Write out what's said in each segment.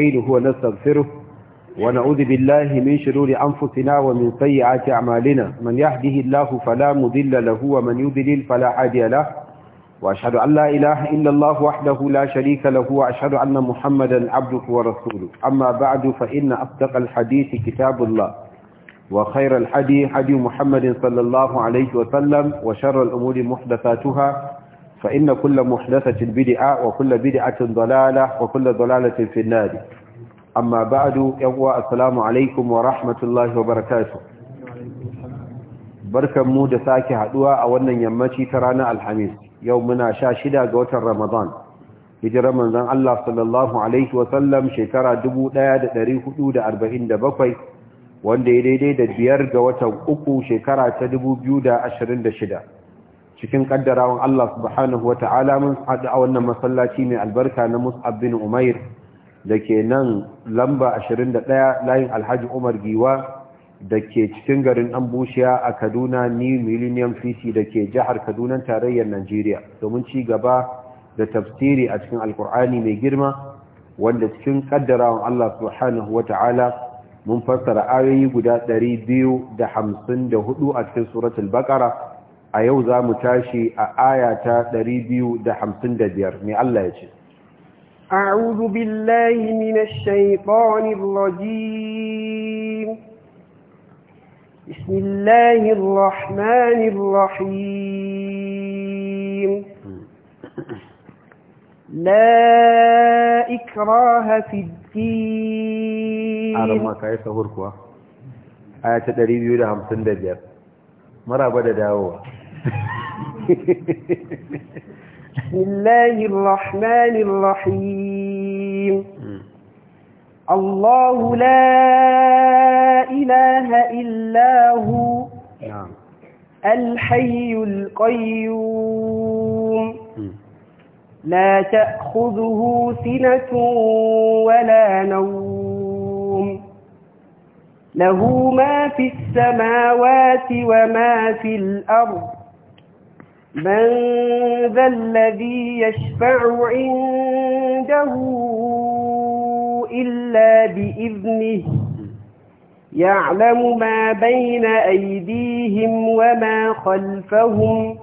نستعينه ونستغفره ونعوذ بالله من شرور أنفسنا ومن سيئات أعمالنا من يهده الله فلا مذل له ومن يذلل فلا هادي له وأشهد أن لا إله إلا الله وحده لا شريك له وأشهد أن محمدا عبده ورسوله أما بعد فإن أصدق الحديث كتاب الله وخير الحديث حديث محمد صلى الله عليه وسلم وشر الأمور محدثاتها فإن كل محدثة بدعة وكل بدعة ضلالة وكل ضلالة في النار أما بعد يقوى السلام عليكم ورحمة الله وبركاته بركة مودة ساكي هدوى أولا يمتي ترانا الحميس يومنا شاشدة قوة رمضان hijirar manzon Allah sallallahu Alaihi wasallam shekara 1447 wanda ya daidai da biyar ga watan uku shekara ta 2026 cikin kaddarawan Allah subhanahu wa ta'ala mun haɗu a wannan masallaci mai albarka na Mus'ab bin Umair da ke nan lamba 21 layin Alhaji Umar Giwa da ke cikin garin bushiya a Kaduna New Millennium City da ke jihar Kaduna tarayyar Najeriya domin ci gaba da tafsiri a cikin Alkur'ani mai girma wanda cikin kaddarawan Allah subhanahu wa ta'ala mun fassara ayoyi guda 254 a cikin suratul Baqara a yau za mu tashi a aya ta 255 mai Allah ya ce أعوذ بالله من الشيطان الرجيم بسم الله الرحمن الرحيم لا إكراه في الدين أعلم ما كيف هركوا آية 255 مرحبا داوة بسم الله الرحمن الرحيم الله لا إله إلا هو الحي القيوم لا تأخذه سنة ولا نوم له ما في السماوات وما في الأرض من ذا الذي يشفع عنده إلا بإذنه يعلم ما بين أيديهم وما خلفهم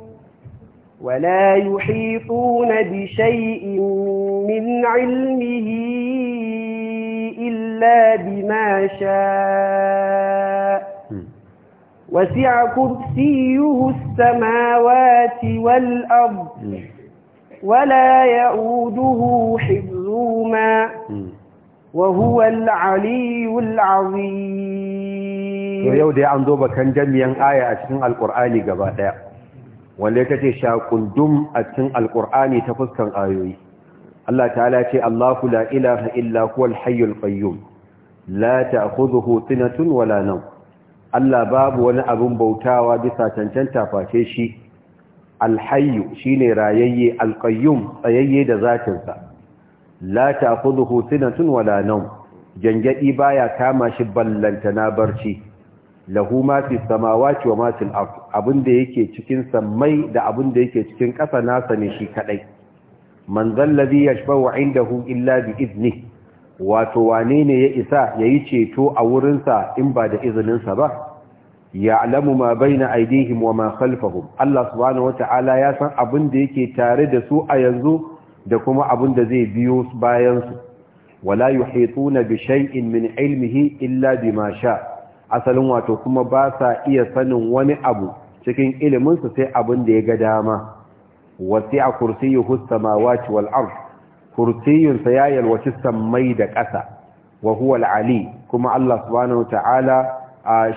ولا يحيطون بشيء من علمه إلا بما شاء وسع كرسيه السماوات والأرض ولا يؤوده حفظهما وهو العلي العظيم yau dai an zo bakan jami'an aya a cikin alkur'ani gaba daya wanda kace shakundum a cikin alƙur'ani ta fuskan ayoyi Allah ta'ala ce Allahu la ilaha illa huwal hayyul qayyum la ta'khudhuhu sinatun wala nawm Allah babu wani abin bautawa bisa cancanta face shi alhayyu shine rayayye alqayyum tsayayye da zatinsa la ta'khudhuhu sinatun wala nawm jangadi baya kama shi ballantana barci lahu ma fi samawati wa ma fil ard abinda yake cikin samai da abinda yake cikin ƙasa nasa ne shi kadai man zallazi yashfa'u indahu illa bi idnihi wato wane ne ya isa ya yi ceto a wurinsa in ba da izininsa ba ya alamu ma bai na aidihim wa ma khalfahum Allah subhanahu wa ta'ala ya san abin da yake tare da su a yanzu da kuma abin da zai biyo bayansu wala yuhituna bi shay'in min ilmihi illa bima sha asalin wato kuma ba sa iya sanin wani abu cikin iliminsu sai abin da ya ga dama wasi'a kursiyyuhu samawati wal ardh kursiyunsa ya yalwaci sammai da ƙasa wa huwa al'ali kuma Allah subhanahu ta'ala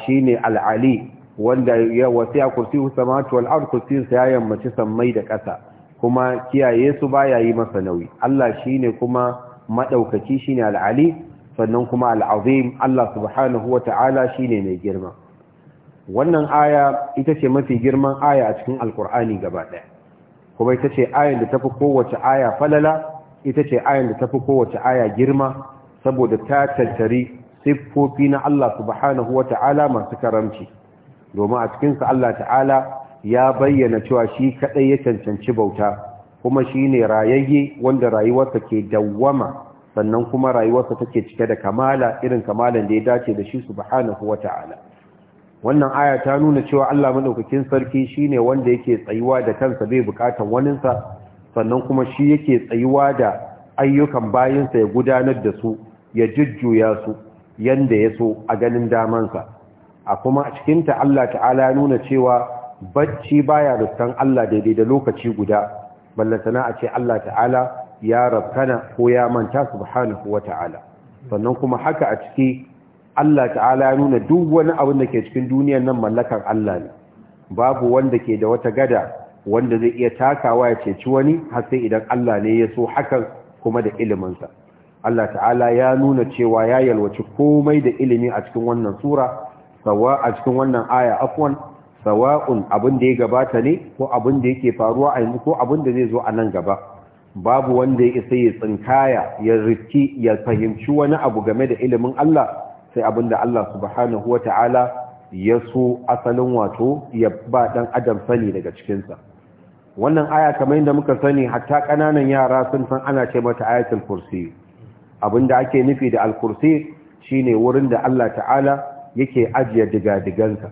shi ne al'ali wanda ya wasiya kursiyu samatu wal'ar kursiyunsa ya yammaci sammai da ƙasa kuma kiyaye su baya yi masa nauyi Allah shi ne kuma maɗaukaki shi ne al'ali sannan kuma al'azim Allah subhanahu wa ta'ala shi ne mai girma wannan aya ita ce mafi girman aya a cikin alkur'ani gaba ɗaya kuma ita ce ayan da tafi kowace aya falala ita ce ayan da tafi kowace aya girma saboda ta tattari siffofi na Allah subhanahu wa ta'ala masu karamci domin a cikinsa Allah ta'ala ya bayyana cewa shi kaɗai ya cancanci bauta kuma shi ne rayayye wanda rayuwarsa ke dawwama sannan kuma rayuwarsa take cike da kamala irin kamalan da ya dace da shi subhanahu wa ta'ala wannan aya ta nuna cewa Allah madaukakin sarki shine wanda yake tsayuwa da kansa bai bukatan waninsa sannan kuma shi yake tsayuwa da ayyukan bayansa ya gudanar da su ya jujjuya su yanda ya so a ganin damansa a kuma a cikinta Allah ta'ala ya nuna cewa bacci baya rufkan Allah daidai da lokaci guda ballantana a ce Allah ta'ala ya rabkana ko ya manta subhanahu wa ta'ala sannan kuma haka a ciki Allah ta'ala ya nuna duk wani abin da ke cikin duniyar nan mallakar Allah ne babu wanda ke da wata gada wanda zai iya takawa ya ceci wani har sai idan Allah ne ya so hakan kuma da iliminsa Allah ta'ala ya nuna cewa ya yalwaci komai da ilimi a cikin wannan sura sawa a cikin wannan aya afwan sawa'un abin da ya gabata ne ko abin da yake faruwa a yanzu ko abin da zai zo a nan gaba babu wanda ya isa ya tsinkaya ya riki ya fahimci wani abu game da ilimin Allah sai abin da Allah subhanahu wata'ala ya so asalin wato ya ba dan adam sani daga cikinsa wannan aya kamar yadda muka sani hatta ƙananan yara sun san ana ce mata ayatul kursi abinda ake nufi da al-kursi shine wurin da Allah ta'ala yake ajiye diga diganka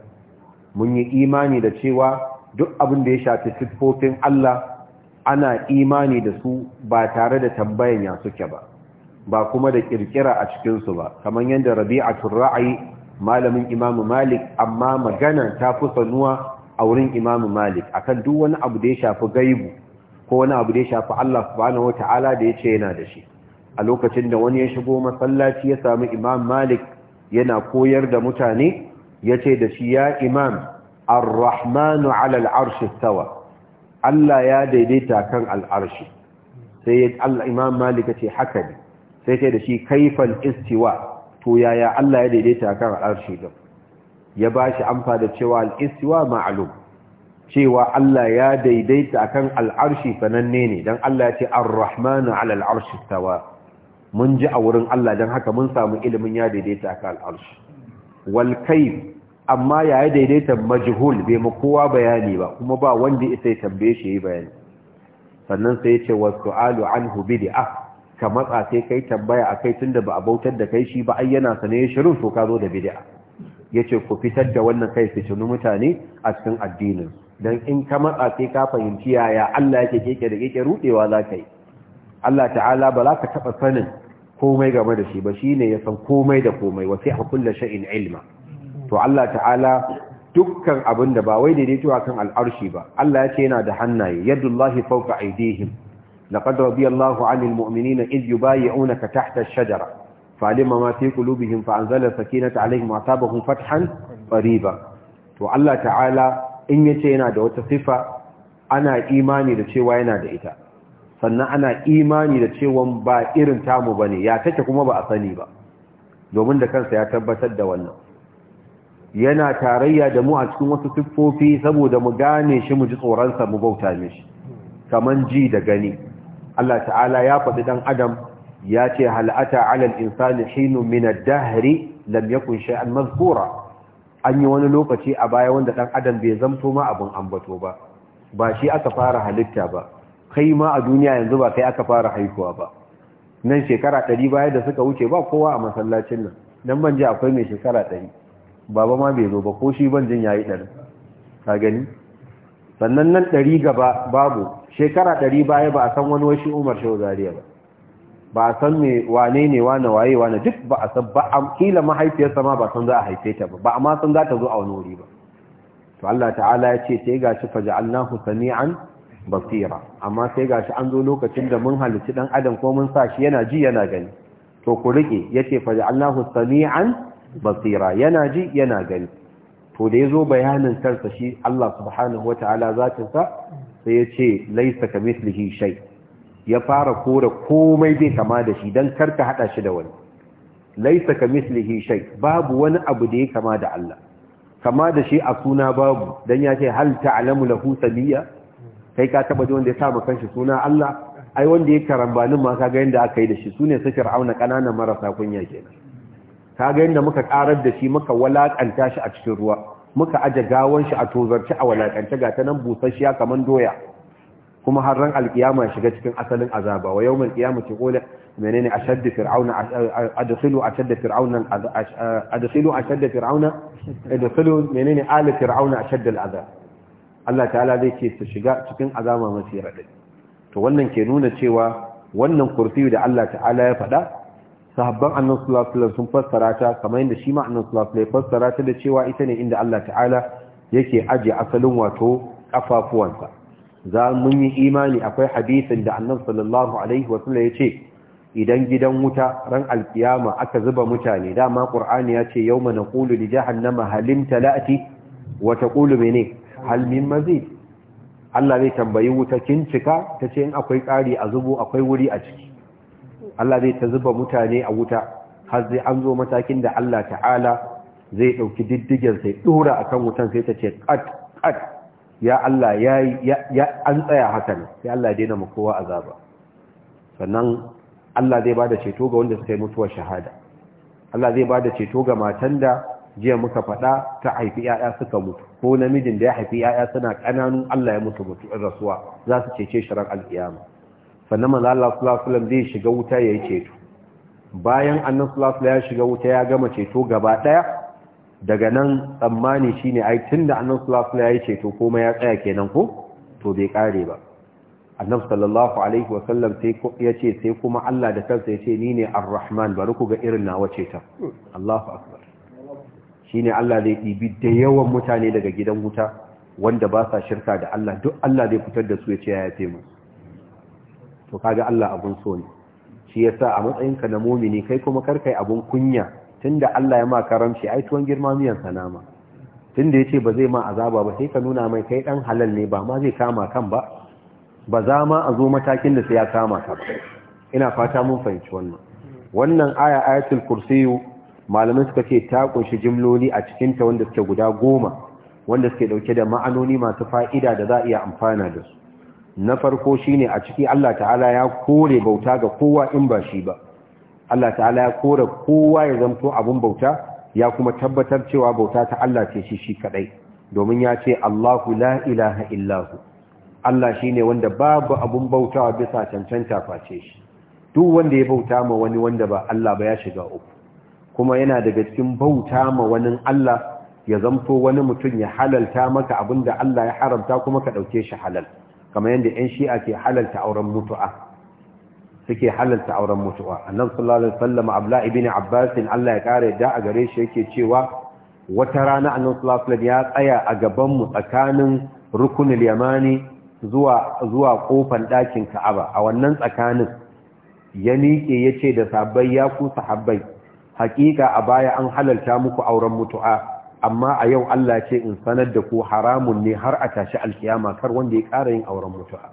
mun yi imani da cewa duk abin da ya shafi siffofin Allah ana imani da su ba tare da tambayan ya suke ba ba kuma da kirkira a cikin su ba kamar yadda rabi'atul ra'ayi malamin imamu malik amma magana ta fi sanuwa a wurin Imam Malik akan duk wani abu da ya shafi gaibu ko wani abu da ya shafi Allah subhanahu wataala da yace yana da shi a lokacin da wani ya shigo masallaci ya samu Imam Malik yana koyar da mutane yace da shi ya Imam Ar-Rahmanu 'ala al-'arshi istawa Allah ya daidaita kan al-arshi sai Allah Imam Malik yace haka ne sai ce da shi kaifal istiwa to yaya Allah ya daidaita kan al-arshi ya ba shi amfa da cewa al ma'alum. cewa Allah ya daidaita akan al'arshi sananne ne dan Allah ya ce ar-rahmanu 'ala mun ji a wurin Allah dan haka mun samu ilimin ya daidaita akan al'arshi. walkai amma ya daidaita majhul bai mu kowa bayani ba kuma ba wanda isa ya tambaye shi yi bayani sannan sai ya ce wa su'alu anhu Bidi'a ka matsa sai kai tambaya akai tunda ba a bautar da kai shi ba ai yana sane shirin so ka zo da bid'a yace ku fitar da wannan kai fitinu mutane a cikin addinin dan in ka matsa sai ka fahimci yaya Allah yake keke da keke rudewa za ka yi Allah ta'ala ba za ka taɓa sanin komai game da shi ba Shi ne ya san komai da komai wa sai kullu shay'in ilma to Allah ta'ala dukkan abin da ba wai daidaito akan al'arshi ba Allah ya ce yana da hannaye yadullahi fawqa aydihim laqad radiyallahu 'anil mu'minina iz yubayyi'unaka tahta ash-shajara falima ma fi qulubihim fa anzala sakinata alaihim wa asabahum fathan qariba to Allah ta'ala in yace yana da wata sifa ana imani da cewa yana da ita sannan ana imani da cewa ba irin tamu bane ya take kuma ba a sani ba domin da kansa ya tabbatar da wannan yana tarayya da mu a cikin wasu siffofi saboda mu gane shi mu ji tsoronsa mu bauta mishi kaman ji da gani Allah ta'ala ya faɗi ɗan adam ya ce hal'ata alal insani hinu min ad-dahri lam yakun shay'an mazkura an yi wani lokaci a baya wanda dan adam bai zamto ma abun ambato ba ba shi aka fara halitta ba kai ma a duniya yanzu ba kai aka fara haihuwa ba nan shekara 100 baya da suka wuce ba kowa a masallacin nan dan ban ji akwai mai shekara 100 baba ma bai zo ba ko shi ban jin yayi dan ka gani sannan nan 100 gaba babu shekara 100 baya ba a san wani washi Umar Shehu Zariya ba ba a san me wane ne wane waye wane duk ba a san ba a kila mahaifiyarsa ma ba san za a haife ta ba ba amma san za ta zo a wani wuri ba to Allah ta'ala ya ce sai gashi fa ja'alnahu sami'an basira amma sai gashi an zo lokacin da mun halici dan adam ko mun sa shi yana ji yana gani to ku rike yace fa ja'alnahu sami'an basira yana ji yana gani to da yazo bayanin tarsa shi Allah subhanahu wata'ala zatin sa sai yace laysa kamithlihi shay' ya fara kore komai bai kama da shi don karka hada shi da wani laisa ka mislihi shai babu wani abu da ya kama da Allah kama da shi a suna babu don ya ce hal ta'lamu lahu samiyya kai ka taba ji wanda ya sa kanshi suna Allah ai wanda ya karambani ma ga yanda aka yi da shi sune su fir'auna kananan marasa kunya Ka ga yanda muka karar da shi muka walakanta shi a cikin ruwa muka aje gawon shi a tozarci a walakanta ga ta nan busasshiya kaman doya kuma har ran alkiyama ya shiga cikin asalin azaba wa yawmal qiyamati qula menene ashadda fir'auna adkhilu ashadda fir'auna adkhilu ashadda fir'auna adkhilu menene ala fir'auna ashadda al'azab Allah ta'ala zai ce su shiga cikin azaba mafi radadi to wannan ke nuna cewa wannan kursiyu da Allah ta'ala ya faɗa sahabban annabi sallallahu alaihi wasallam sun fassara ta kamar yadda shi ma annabi sallallahu alaihi wasallam fassara ta da cewa ita ne inda Allah ta'ala yake aje asalin wato kafafuwansa za mun yi imani akwai hadisin da annabi sallallahu alaihi wasallam ya ce idan gidan wuta ran alkiyama aka zuba mutane dama qur'ani ya ce yawma naqulu li jahannama halim talati wa taqulu mene hal min mazid Allah zai tambayi wuta kin cika tace in akwai kari a zubo akwai wuri a ciki Allah zai ta zuba mutane a wuta har zai an zo matakin da Allah ta'ala zai dauki diddigen sai dora akan wutan sai tace qat qat ya Allah ya ya an tsaya haka ne sai Allah ya daina mu kowa azaba sannan Allah zai bada ceto ga wanda suka yi mutuwar shahada Allah zai bada ceto ga matan da jiya muka faɗa ta haifi ‘ya'ya suka mutu ko namijin da ya haifi ‘ya'ya suna kananu Allah ya mutu mutu in rasuwa za su cece ran al'iyama sannan manzo Allah sallallahu zai shiga wuta yayi ceto bayan annabi sallallahu ya shiga wuta ya gama ceto gaba ɗaya daga nan tsammani shine ai tun da annan alaihi wasallam ya ceto komai ya tsaya kenan ko to bai kare ba annabi sallallahu alaihi wasallam sai ya ce sai kuma Allah da kansa ya ce ni ne ar-rahman bari ku ga irin nawa ce ta Allahu akbar ne Allah zai ɗibi da yawan mutane daga gidan wuta wanda ba sa shirka da Allah duk Allah zai fitar da su ya ce ya yafe mu to kaga Allah abun so ne shi yasa a matsayinka na mumini kai kuma karkai abun kunya tunda Allah ya ma karamci ai tuwon girma miyan sanama tunda ce ba zai ma azaba ba sai ka nuna mai kai dan halal ne ba ma zai kama kan ba ba za ma a zo matakin da sai ya kama ka ina fata mun fahimci wannan wannan aya ayatul kursiyu malamai suka ce ta kunshi jimloli a cikin ta wanda suke guda goma wanda suke dauke da ma'anoni masu fa'ida da za a iya amfana da su na farko shine a ciki Allah ta'ala ya kore bauta ga kowa in ba shi ba Allah ta'ala ya kora kowa ya zamto abun bauta ya kuma tabbatar cewa bauta ta Allah ce shi shi kadai domin ya ce Allahu la ilaha hu Allah shine wanda babu abun bautawa bisa cancanta face shi duk wanda ya bauta ma wani wanda ba Allah ba ya shiga uku kuma yana daga cikin bauta ma wani Allah ya zamto wani mutum ya halalta maka abinda Allah ya haramta kuma ka dauke shi halal kamar yadda 'yan shi'a ke halalta auren mutu'a suke halalta auren mutuwa annabi sallallahu alaihi wasallam abla ibn abbas Allah ya kare da a gare shi yake cewa wata rana annabi sallallahu alaihi ya tsaya a gaban mu tsakanin rukunul yamani zuwa zuwa kofar dakin ka'aba a wannan tsakanin ya miƙe yace da sahabbai ya ku sahabbai hakika a baya an halalta muku auren mutuwa amma a yau Allah ce in sanar da ku haramun ne har a tashi alkiyama kar wanda ya ƙara yin auren mutuwa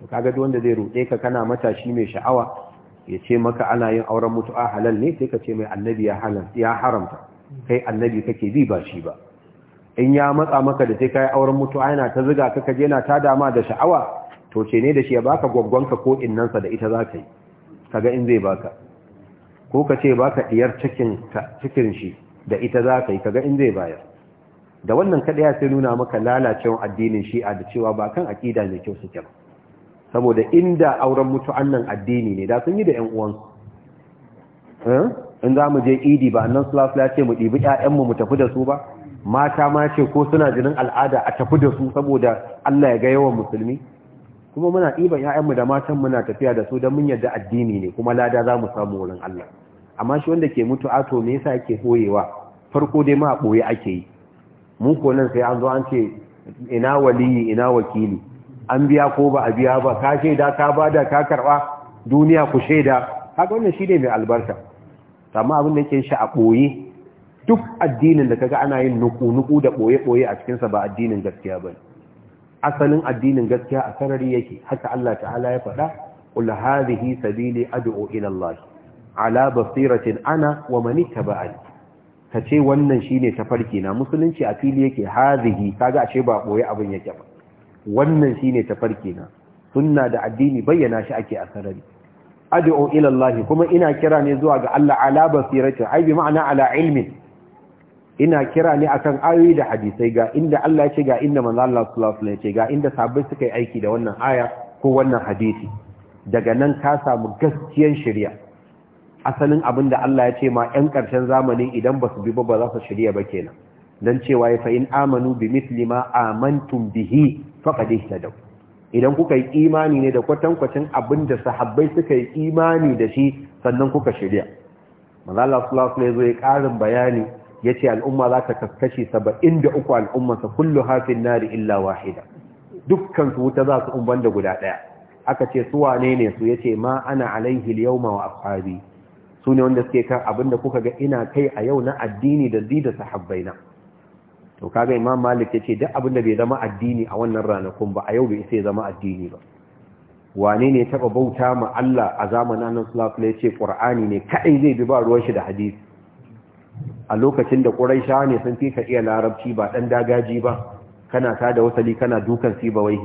to kaga duk wanda zai ruɗe ka kana matashi mai sha'awa ya ce maka ana yin auren mutu'a halal ne sai ka ce mai annabi ya halal ya haramta kai annabi kake bi ba shi ba in ya matsa maka da sai kai auren mutu'a yana ta zuga ka kaje yana ta dama da sha'awa to ce ne da shi ya baka ka ko innansa da ita za ka yi kaga in zai baka ko ka ce baka diyar cikin cikin shi da ita za ka yi kaga in zai bayar da wannan kadai ya sai nuna maka lalacewar addinin shi'a da cewa ba kan akida mai kyau suke ba saboda inda auren mutu'an nan addini ne da sun yi da ƴan uwansu eh? in za mu je idi ba annan sulasu ya ce mu ɗibi 'ya'yan mu tafi da su ba mata ma ce ko suna jinin al'ada a tafi da su saboda Allah ya ga yawan musulmi kuma muna ɗiban 'ya'yanmu da matan muna tafiya da su don mun yarda addini ne kuma lada za mu samu wurin Allah amma shi wanda ke mutu ato me yasa yake koyewa, farko dai ma a ɓoye ake yi mu ko nan sai an zo an ce ina waliyi ina wakili an biya ko ba a biya ba ka shaida ka bada ka karba duniya ku shaida kaga wannan shine mai albarka amma abin da yake shi a boye duk addinin da kaga ana yin nuku-nuku da boye-boye a cikinsa ba addinin gaskiya ba asalin addinin gaskiya a sarari yake haka Allah ta'ala ya faɗa ƙul hadhihi sabili ad'u ila Allah ala basiratin ana wa man ittaba'ani kace wannan shine tafarki na musulunci a fili yake hadhihi kaga ashe ba boye abin yake ba wannan shine tafarki na sunna da addini bayyana shi ake a sarari ad'u ilallahi kuma ina kira ne zuwa ga Allah ala basirati ai bi ma'ana ala ilmin ina kira ne akan ayoyi da hadisai ga inda Allah ya ce ga inda manzo Allah sallallahu alaihi wasallam ya ce ga inda sahabbai suka yi aiki da wannan aya ko wannan hadisi daga nan ka samu gaskiyar shari'a asalin abin da Allah ya ce ma ƴan ƙarshen zamani idan ba su bi ba za su shirya ba kenan dan cewa ya fa in amanu bi mithli ma amantum bihi ta dau, idan kuka yi imani ne da kwatankwacin abin da sahabbai suka yi imani da shi sannan kuka shirya manzo Allah sallallahu alaihi wasallam ya karin bayani yace al'umma za ta kaskashi 73 al'ummarsa kullu hafin nari illa wahida dukkan su wuta za su umban da guda ɗaya. aka ce su wane ne su yace ma ana alaihi liyauma wa ashabi su ne wanda suke kan da kuka ga ina kai a yau na addini da zida da sahabbaina to kaga imam malik yace duk abin da bai zama addini a wannan ranakun ba a yau bai sai zama addini ba wane ne taba bauta ma Allah a zamanin annabi sallallahu alaihi wasallam yace qur'ani ne kai zai bi ba ruwan shi da hadisi a lokacin da quraisha ne sun fi ka iya larabci ba dan dagaji ba kana ta da wasali kana dukan si ba wai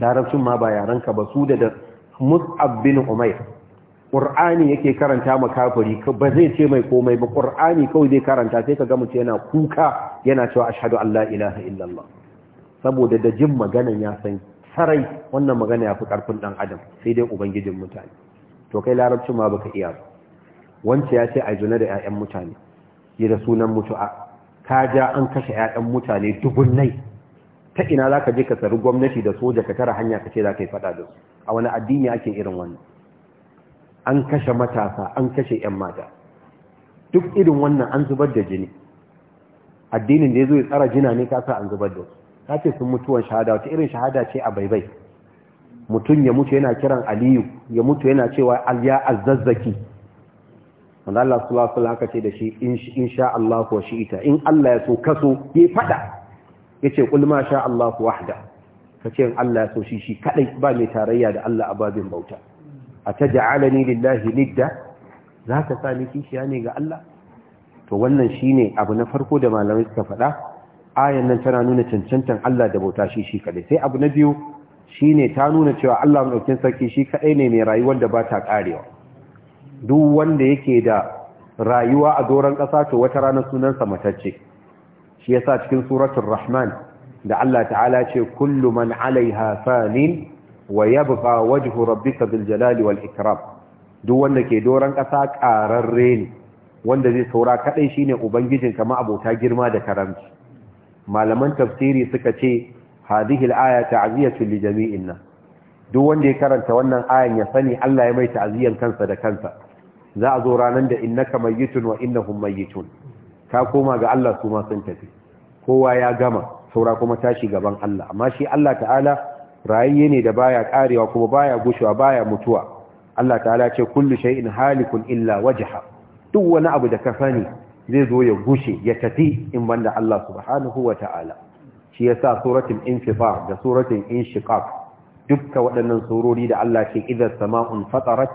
larabcin ma ba yaranka ba su da Mus'ab bin Umair ƙur'ani yake karanta makafiri ba zai ce mai komai ba ƙur'ani kawai zai karanta sai ka ga ce yana kuka yana cewa ashhadu an la ilaha illallah saboda da jin maganan ya san sarai wannan magana ya fi ƙarfin ɗan adam sai dai ubangijin mutane to kai larabcin ma baka iya ba wance ya ce a juna da 'ya'yan mutane yi da sunan mutu'a ka ja an kashe 'ya'yan mutane dubunnai ta ina za ka je ka tsari gwamnati da soja ka tara hanya ka ce za ka yi faɗa da su a wani addini ake irin wannan an kashe matasa an kashe 'yan mata duk irin wannan an zubar da jini addinin da ya zo ya tsara jina ne kasa an zubar da ta ce sun mutuwan shahada wata irin shahada ce a baibai mutum ya mutu yana kiran aliyu ya mutu yana cewa alya azzazzaki wanda Allah su lafi haka da shi in sha Allah ko shi ita in Allah ya so kaso ya fada ya ce kulma sha Allah wahda ka ce in Allah ya so shi shi kadai ba mai tarayya da Allah a babin bauta a ta ja'alani lillahi nidda za ka sa kishiya ne ga Allah to wannan shine abu na farko da malamai suka faɗa ayan nan tana nuna cancantan Allah da bauta shi shi kadai sai abu na biyu shine ta nuna cewa Allah ɗaukin sarki shi kadai ne mai rayuwar da bata karewa duk wanda yake da rayuwa a doron ƙasa to wata ranar sunansa matacce shi yasa cikin suratul rahman da Allah ta'ala ce kullu man 'alayha fanin ya yabqa wajhu rabbika bil jalali wal ikram duk wanda ke doran kasa ƙararre ne wanda zai saura kadai shine ubangijin kama abota girma da karamci malaman tafsiri suka ce hadhihi al aya ta'ziyatu li jami'in duk wanda ya karanta wannan ayan ya sani Allah ya mai ta'ziyan kansa da kansa za a zo ranan da innaka mayyitun wa innahum mayyitun ka koma ga Allah su ma sun tafi kowa ya gama saura kuma tashi gaban Allah amma shi Allah ta'ala rayayye ne da baya karewa kuma baya gushewa baya mutuwa Allah ta'ala ce kullu shay'in halikun illa wajha duk wani abu da ka sani zai zo ya gushe ya tafi in banda Allah subhanahu wa ta'ala shi yasa suratul infitar da suratul inshiqaq dukkan waɗannan surori da Allah ke idza sama'un fatarat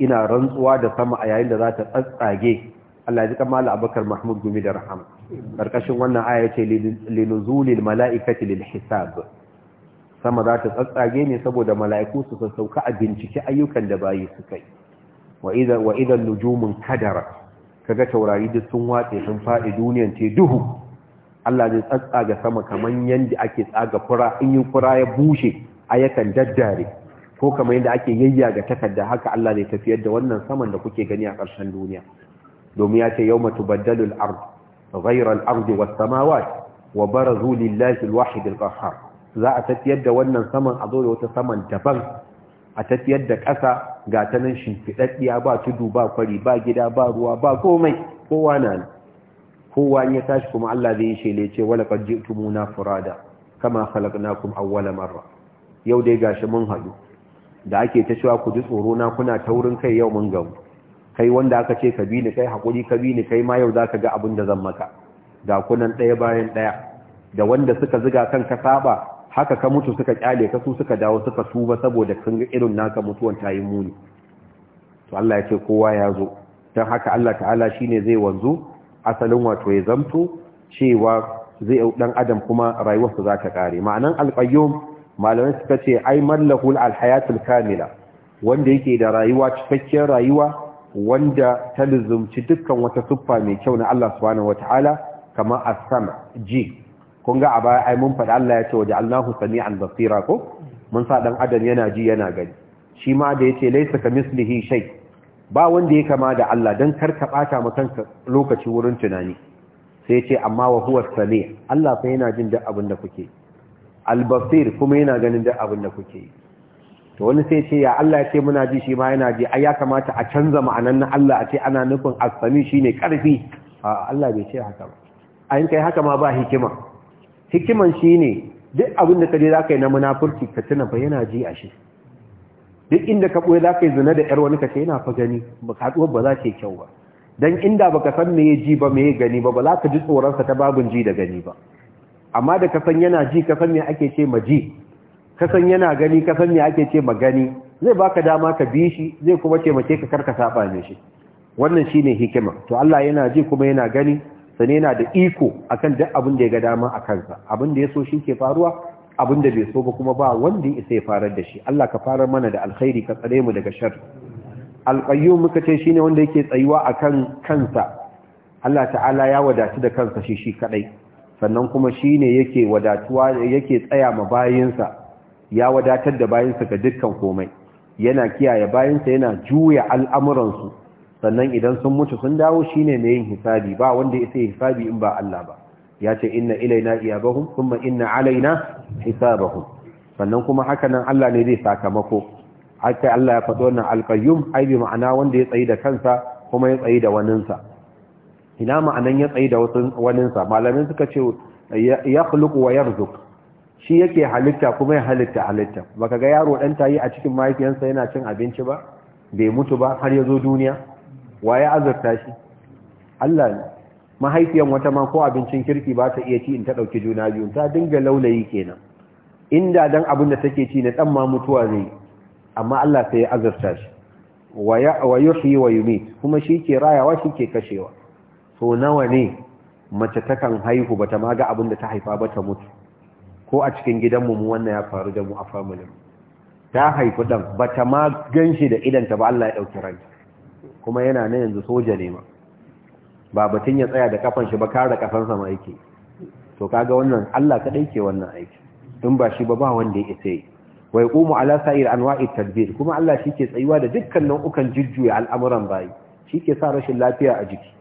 ina rantsuwa da sama a yayin da za ta tsatsage Allah ya ji kamar Abubakar Mahmud gumi da rahama karkashin wannan aya ce linuzulil mala'ikati lil hisab sama za ta tsatsage ne saboda mala'iku su sassauka a bincike ayyukan da bayi su kai. wa idan nujumun kadara kaga taurari duk sun watse sun faɗi duniyan ce duhu Allah zai tsatsaga sama kamar yadda ake tsaga fura in yi fura ya bushe yakan daddare ko kamar yadda ake ga takarda haka Allah zai tafiyar da wannan saman da kuke gani a ƙarshen duniya domin ya ce yau tubaddalu al-ard ghayra al-ard was wa barazu lillahi al-wahid al-qahhar za a tafiyar da wannan saman a zo da wata saman daban a tafiyar da ƙasa ga ta nan shimfiɗaɗɗiya ba tudu ba kwari ba gida ba ruwa ba komai kowa na kowa ya tashi kuma Allah zai yi shele ce wala qad ji'tumuna furada kama khalaqnakum awwala marra yau dai gashi mun haɗu da ake ta cewa ku ji tsoro na kuna taurin kai yau mun gamu kai wanda aka ce ka bi ni kai hakuri ka bi ni kai ma yau zaka ga abin da zan maka ga kunan ɗaya bayan ɗaya da wanda suka ziga kan ka saba haka ka mutu suka kyale ka su suka dawo suka tuba saboda sun ga irin naka mutuwan ta yi muni to Allah ya ce kowa ya zo don haka Allah ta'ala shine zai wanzu asalin wato ya zamto cewa zai dan adam kuma rayuwarsa za ta kare ma'anan alqayyum malamai suka ce ai mallakul alhayatul kamila wanda yake da rayuwa cikakken rayuwa wanda ta lizumci dukkan wata siffa mai kyau na Allah subhanahu wataala kamar as-sama ji kun ga a baya ai mun faɗi Allah ya ce wa ja'alnahu sami'an basira ko mun sa dan adam yana ji yana gani shi ma da yace laysa mislihi shay ba wanda ya kama da Allah dan kar ka bata mu kanka lokaci wurin tunani sai yace amma wa huwa sami' Allah fa yana jin duk abin da kuke al-basir kuma yana ganin duk abin da kuke to wani sai ce ya Allah ya ce muna ji shi ma yana ji ai ya kamata a canza ma'anan na Allah a ce ana nufin as-sami shine karfi Allah bai ce haka ba ayin kai haka ma ba hikima hikiman shi ne duk abin da je za ka yi na munafurci ka tuna ba yana ji a shi duk inda ka ɓoye za ka yi zina da ‘yar wani ka ce yana fa gani ba haɗuwar ba za ta kyau ba don inda ba ka san me ya ji ba me ya gani ba ba za ka ji tsoronsa ta babin ji da gani ba amma da ka san yana ji ka san me ake ce ma ji ka san yana gani ka san me ake ce ma gani zai baka dama ka bi shi zai kuma ce mace ka karka saba ne shi wannan shine hikima to Allah yana ji kuma yana gani sane na da iko akan duk abin da ya ga dama a kansa abin da ya so shi ke faruwa abin da bai so ba kuma ba wanda ya isa ya farar da shi Allah ka farar mana da alkhairi ka tsare mu daga shar alqayyum muka ce shine wanda yake tsayuwa akan kansa Allah ta'ala ya wadatu da kansa shi shi kadai sannan kuma shine yake wadatuwa yake tsaya ma bayinsa ya wadatar da bayinsa ga dukkan komai yana kiyaye bayinsa yana juya al'amuransu sannan idan sun mutu sun dawo shine mai yin hisabi ba wanda ya sai hisabi in ba Allah ba ya ce inna ilaina iyabahum kuma inna alaina hisabahum sannan kuma haka nan Allah ne zai sakamako haka Allah ya faɗo wannan alƙayyum ai bi ma'ana wanda ya tsayi da kansa kuma ya tsayi da waninsa ina ma'anan ya tsayi da waninsa malamin suka ce ya khluqu wa shi yake halitta kuma ya halitta halitta baka ga yaro dan tayi a cikin mahaifiyarsa yana cin abinci ba bai mutu ba har ya zo duniya wa ya azurta shi Allah ne mahaifiyan wata ma ko abincin kirki ba ta iya ci in ta ɗauki juna biyu ta dinga laulayi kenan inda dan abin da take ci na ɗan ma mutuwa zai amma Allah sai ya azurta shi wa yuhyi wa yumit kuma shi ke rayawa shi ke kashewa so nawa ne mace takan haihu bata ma ga abin da ta haifa ba ta mutu ko a cikin gidanmu mu wannan ya faru da mu a familin ta haifi dan bata ma ganshi da idanta ba Allah ya dauki ranta kuma yana na yanzu soja ne ma ba batun ya tsaya da kafan shi ba kare kafansa ma aiki. to kaga wannan Allah kadai ke wannan aiki in ba shi ba ba wanda ya isa wai yaqumu ala sa'ir anwa'i tadbir kuma Allah ke tsayuwa da dukkan nau'ukan jujjuya al'amuran bayi shike sa rashin lafiya a jiki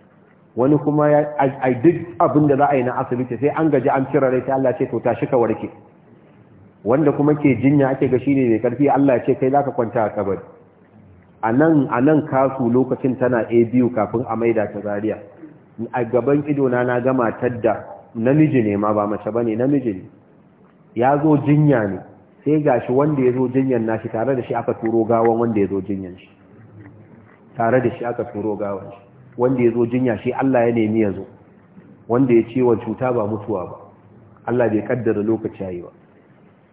wani kuma ai duk abin da za a yi na asibiti sai an gaji an cire rai sai Allah ce to shi ka warke wanda kuma ke jinya ake ga shine mai karfi Allah ce kai zaka kwanta a kabari a nan a nan kasu lokacin tana a biyu kafin a maida ta zariya a gaban idona na gama tadda namiji ne ma ba mace bane namiji ne ya zo jinya ne sai ga shi wanda ya zo jinyan nashi tare da shi aka turo gawan wanda ya zo jinyan shi tare da shi aka turo gawan shi wanda ya zo jinya shi Allah ya nemi ya zo wanda ya ciwon cuta ba mutuwa ba Allah bai kaddara lokaci yayi ba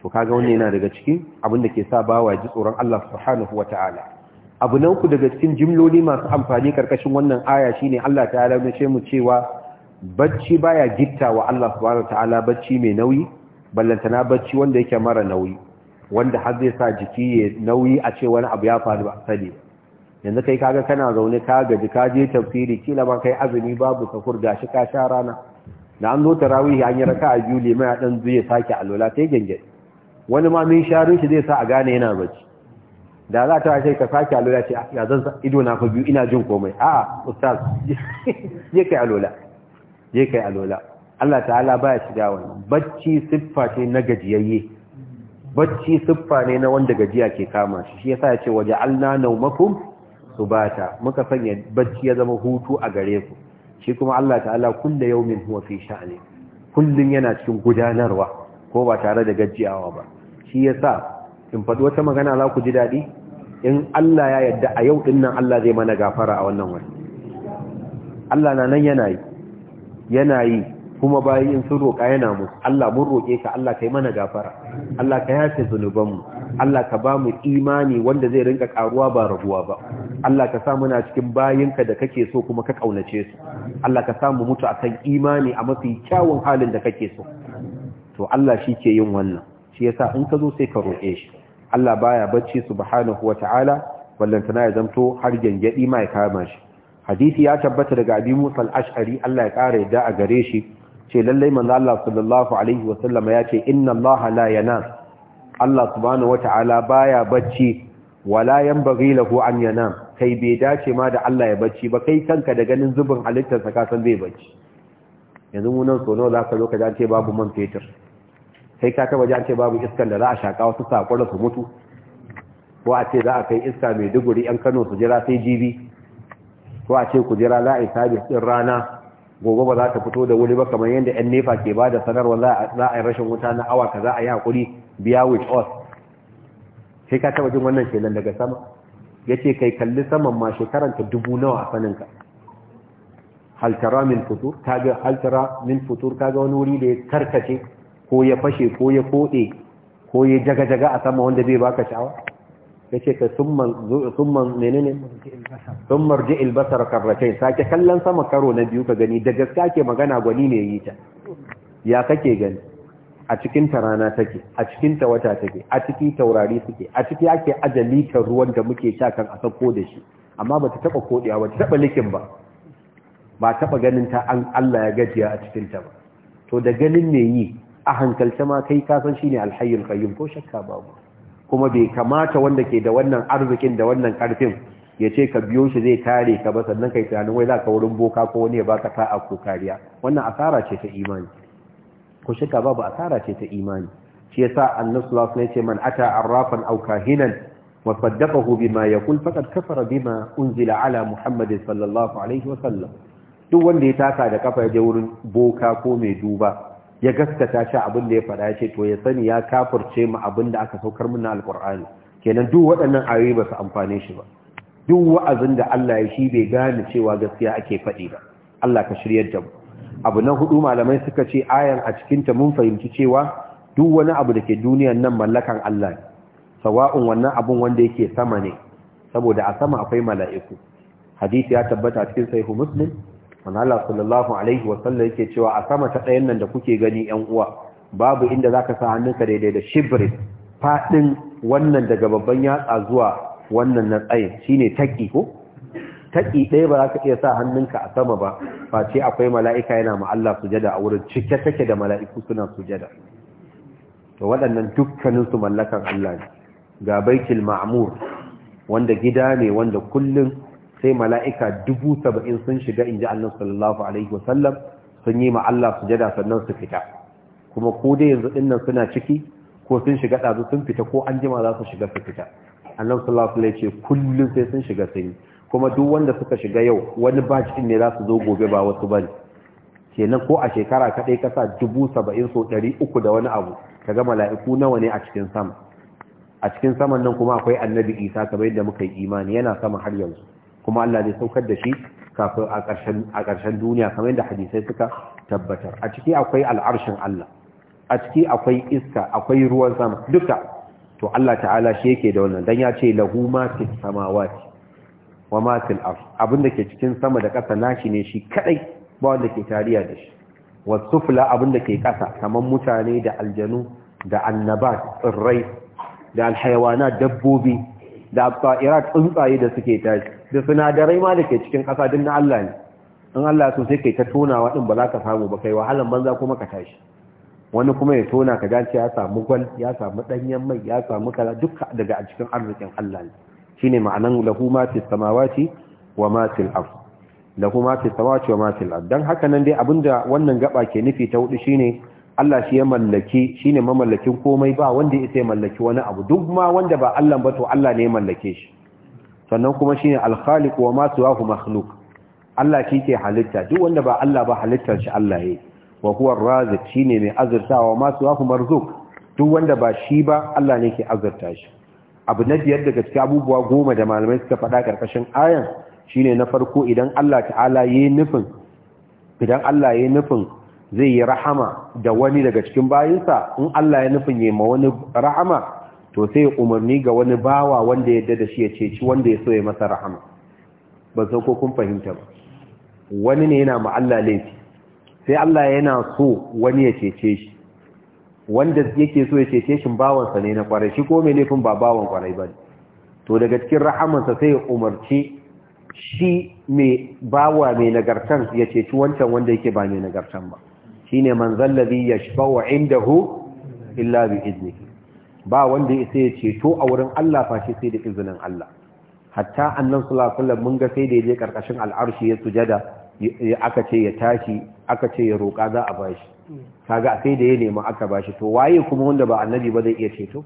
to kaga wannan yana daga cikin abin da ke sa bawa ji tsoron Allah subhanahu wataala abu nan ku daga cikin jimloli masu amfani karkashin wannan aya shine Allah ta'ala ya ce mu cewa bacci baya gitta wa Allah subhanahu ta'ala bacci mai nauyi ballantana bacci wanda yake mara nauyi wanda har zai sa jiki ya nauyi a ce wani abu ya faru ba sani yanzu kai kaga kana zaune ka gaji ka je tafsiri kila ma kai azumi babu sahur shi ka sha rana da an zo tarawih an yi raka'a biyu limai a dan zuwa sake alwala sai gengen wani ma min sharin shi zai sa a gane yana bacci da za ta ce ka sake alola ce ah, ya zan ido na fa biyu ina jin komai a ah, ustaz je kai alola je kai alola Allah ta'ala baya shiga wannan bacci siffa ce na gajiyayye bacci siffa ne na wanda gajiya ke kama shi shi yasa yace alna nawmakum subata muka sanya bacci ya zama hutu a gare ku shi kuma Allah ta'ala kullu yawmin huwa fi sha'ni kullun yana cikin gudanarwa ko ba tare da gajiyawa ba shi yasa in faɗi wata magana za ku ji daɗi in Allah ya yadda a yau din nan Allah zai mana gafara a wannan wani Allah na nan yana yi kuma bayan in sun roƙa yana musu Allah mun roƙe ka Allah ka yi mana gafara Allah ka yafe zunubanmu Allah ka ba mu imani wanda zai rinka ƙaruwa ba rabuwa ba Allah ka sa muna cikin bayinka da kake so kuma ka ƙaunace su Allah ka sa mu mutu a kan imani a mafi kyawun halin da kake so to Allah shi ke yin wannan shi yasa in ka zo sai ka roƙe shi Allah baya bacci subhanahu wata'ala wallantana ya zamto har gangadi ma ya kama shi hadisi ya tabbata daga abi musal al-Ash'ari Allah ya kare da a gare shi ce lallai manzo Allah sallallahu alaihi sallam ya ce inna Allah la yanam Allah subhanahu wata'ala baya bacci wala yanbaghi lahu an yanam kai bai dace ma da Allah ya bacci ba kai kanka da ganin zubin halittarsa ka san zai bacci yanzu mu nan so nawa zaka zo ka dace babu man fetur sai ka taba jan babu iskan da za a shaka wasu sakwara su mutu ko a ce za a kai iska mai duguri yan kano su jira sai jibi ko a ce ku jira za a yi sabis ɗin rana gobe ba za ta fito da wuri ba kamar yadda yan nefa ke ba da sanarwa za a yi rashin wuta na awa ka za a yi haƙuri biya with us sai ka taba jin wannan kenan daga sama ya ce kai kalli saman ma shekaranta dubu nawa a saninka haltara min fitur kaga haltara futur kaga wani wuri da ya karkace ko ya fashe ko ya koɗe ko ya jaga-jaga a sama wanda zai baka sha'awa ya ce ka summan menene summar ji ilbasar karratain sake kallon sama karo na biyu ka gani da gaske ake magana gwani ne yi ta ya kake gani a cikin ta rana take a cikin ta wata take a ciki taurari suke a ciki ake ajalitar ruwan da muke sha kan a sako da shi amma ba ta taɓa koɗewa ba ta taɓa likin ba ba taɓa ganin ta an Allah ya gajiya a cikin ta ba to da ganin ne yi a hankalce ma kai kasan shine alhayyul kayyum ko shakka babu kuma bai kamata wanda ke da wannan arzikin da wannan karfin ya ce ka biyo shi zai kare ka ba sannan kai tunanin wai za ka wurin boka ko wani ya baka sa'a ko kariya wannan asara ce ta imani ko shakka babu asara ce ta imani shi yasa annabi sallallahu alaihi ya ce man ata arrafan aw kahinan وصدقه bima يقول فقد كفر bima, Unzila Ala محمد sallallahu alaihi wa sallam. duk wanda ya taka da kafa ya je wurin boka ko mai duba ya gaskata shi abin da ya faɗa ya ce to ya sani ya kafurce mu abin da aka saukar mun na alkur'ani kenan duk waɗannan ayoyi ba su amfane shi ba duk wa'azin da Allah ya shi bai gane cewa gaskiya ake faɗi ba Allah ka shiryar da mu abu na hudu malamai suka ce ayan a cikin ta mun fahimci cewa duk wani abu da ke duniyar nan mallakan Allah ne sawa'un wannan abun wanda yake sama ne saboda a sama akwai mala'iku hadisi ya tabbata cikin sahihu muslim manala sallallahu alaihi wasallam yake cewa a sama ta ɗayan nan da kuke gani ‘yan uwa babu inda za ka sa hannunka daidai da shibrin faɗin wannan daga babban yatsa zuwa wannan na tsayin shi ne taƙi ko? Taki ɗaya ba za ka iya sa hannunka a sama ba ce akwai mala'ika yana ma'alla sujada a wurin cike take da mala'iku suna sujada to waɗannan dukkaninsu mallakan Allah ne ga baitul ma'amur wanda gida ne wanda kullum sai mala'ika dubu saba'in sun shiga inji ji sallallahu alaihi wasallam sun yi ma Allah sujada sannan su fita kuma ko dai yanzu dinnan suna ciki ko sun shiga ɗazu sun fita ko an jima za su shiga su fita annan sallallahu alaihi ce kullum sai sun shiga sun yi kuma duk wanda suka shiga yau wani batch ne za su zo gobe ba wasu bane kenan ko a shekara kaɗai kasa dubu saba'in so ɗari uku da wani abu ka ga mala'iku nawa ne a cikin sama a cikin saman nan kuma akwai annabi isa kamar yadda muka yi imani yana sama har yanzu kuma Allah zai saukar da shi kafin a ƙarshen duniya kamar yadda hadisai suka tabbatar a ciki akwai al'arshin Allah a ciki akwai iska akwai ruwan sama duka to Allah ta'ala shi yake da wannan dan ya ce lahu ma fis samawati wa ma fil ard abinda ke cikin sama da ƙasa nashi ne shi kadai ba wanda ke tariya da shi was sufla abinda ke ƙasa kamar mutane da aljanu da annabat tsirrai da alhayawana dabbobi da Irak tsuntsaye da suke tashi da sinadarai ma da ke cikin ƙasa din na Allah ne in Allah so sai kai ta tonawa din ba za ka samu ba kai wahalan banza kuma ka tashi wani kuma ya tona ka gance ya samu gwal ya samu danyen mai ya samu kala duka daga a cikin arzikin Allah ne shine ma'anan lahu ma fi samawati wa ma fil ard lahu ma fi samawati wa ma fil ard dan haka nan dai abinda wannan gaba ke nufi ta hudu shine Allah shi ya mallaki Shi ne mamallakin komai ba wanda ya sai mallaki wani abu duk ma wanda ba Allah ba to Allah ne ya mallake shi sannan kuma shi al-khaliq wa ma siwahu makhluq Allah shi ke halitta duk wanda ba Allah ba halittar shi Allah yayi wa huwa ar shi ne mai azurtawa ma siwahu marzuq duk wanda ba shi ba Allah ne ke azurta shi abu na biyar daga cikin abubuwa goma da malamai suka faɗa karkashin ayan shine na farko idan Allah ta'ala yayi nufin idan Allah yayi nufin zai yi rahama da wani daga cikin bayinsa in Allah ya nufin yi ma wani rahama to sai umarni ga wani bawa wanda ya da shi ya ceci wanda ya so ya masa rahama ba san ko kun fahimta ba wani ne yana ma'alla laifi sai Allah yana so wani ya cece shi wanda yake so ya cece shi bawansa ne na kwarai shi ko mai laifin ba bawan kwarai ba to daga cikin rahamansa sai ya umarci shi mai bawa mai nagartan ya ceci wancan wanda yake ba mai nagartan ba shine man zallazi yashfa'u indahu illa bi iznihi ba wanda ya ceto a wurin Allah fashi sai da izinin Allah hatta annan sallallahu mun ga sai da yaje karkashin al'arshi ya sujada aka ce ya tashi aka ce ya roƙa za a bashi kaga sai da ya nemi aka bashi to waye kuma wanda ba annabi ba zai iya ceto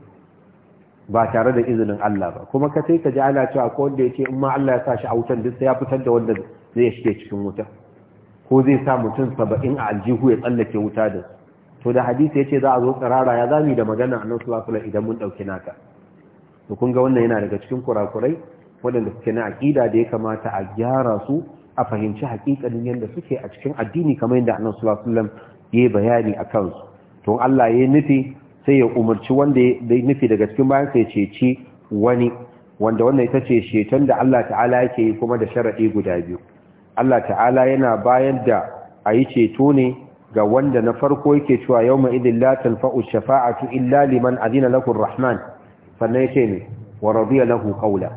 ba tare da izinin Allah ba kuma ka sai ka ji ana cewa ko wanda ce in ma Allah ya sa shi a wutan duk sai ya fitar da wanda zai shige cikin wuta ko zai sa mutum saba'in a aljihu ya tsallake wuta da su? to da hadisi ya ce za a zo tsirara ya zami da magana a nan wasu idan mun ɗauki naka to kun ga wannan yana daga cikin kurakurai waɗanda suke na aƙida da ya kamata a gyara su a fahimci haƙiƙanin yadda suke a cikin addini kamar yadda annabi sallallahu ya yi bayani a kansu to Allah ya nufi sai ya umarci wanda ya nufi daga cikin bayan sai ceci wani wanda wannan ita ce shetan da Allah ta'ala yake yi kuma da sharadi guda biyu Allah ta'ala yana bayar da a yi ceto ne ga wanda na farko yake cewa yau ma idin latin fa'u shafa'atu illa liman azina rahman sannan yake ne wa rabiya lahu kaula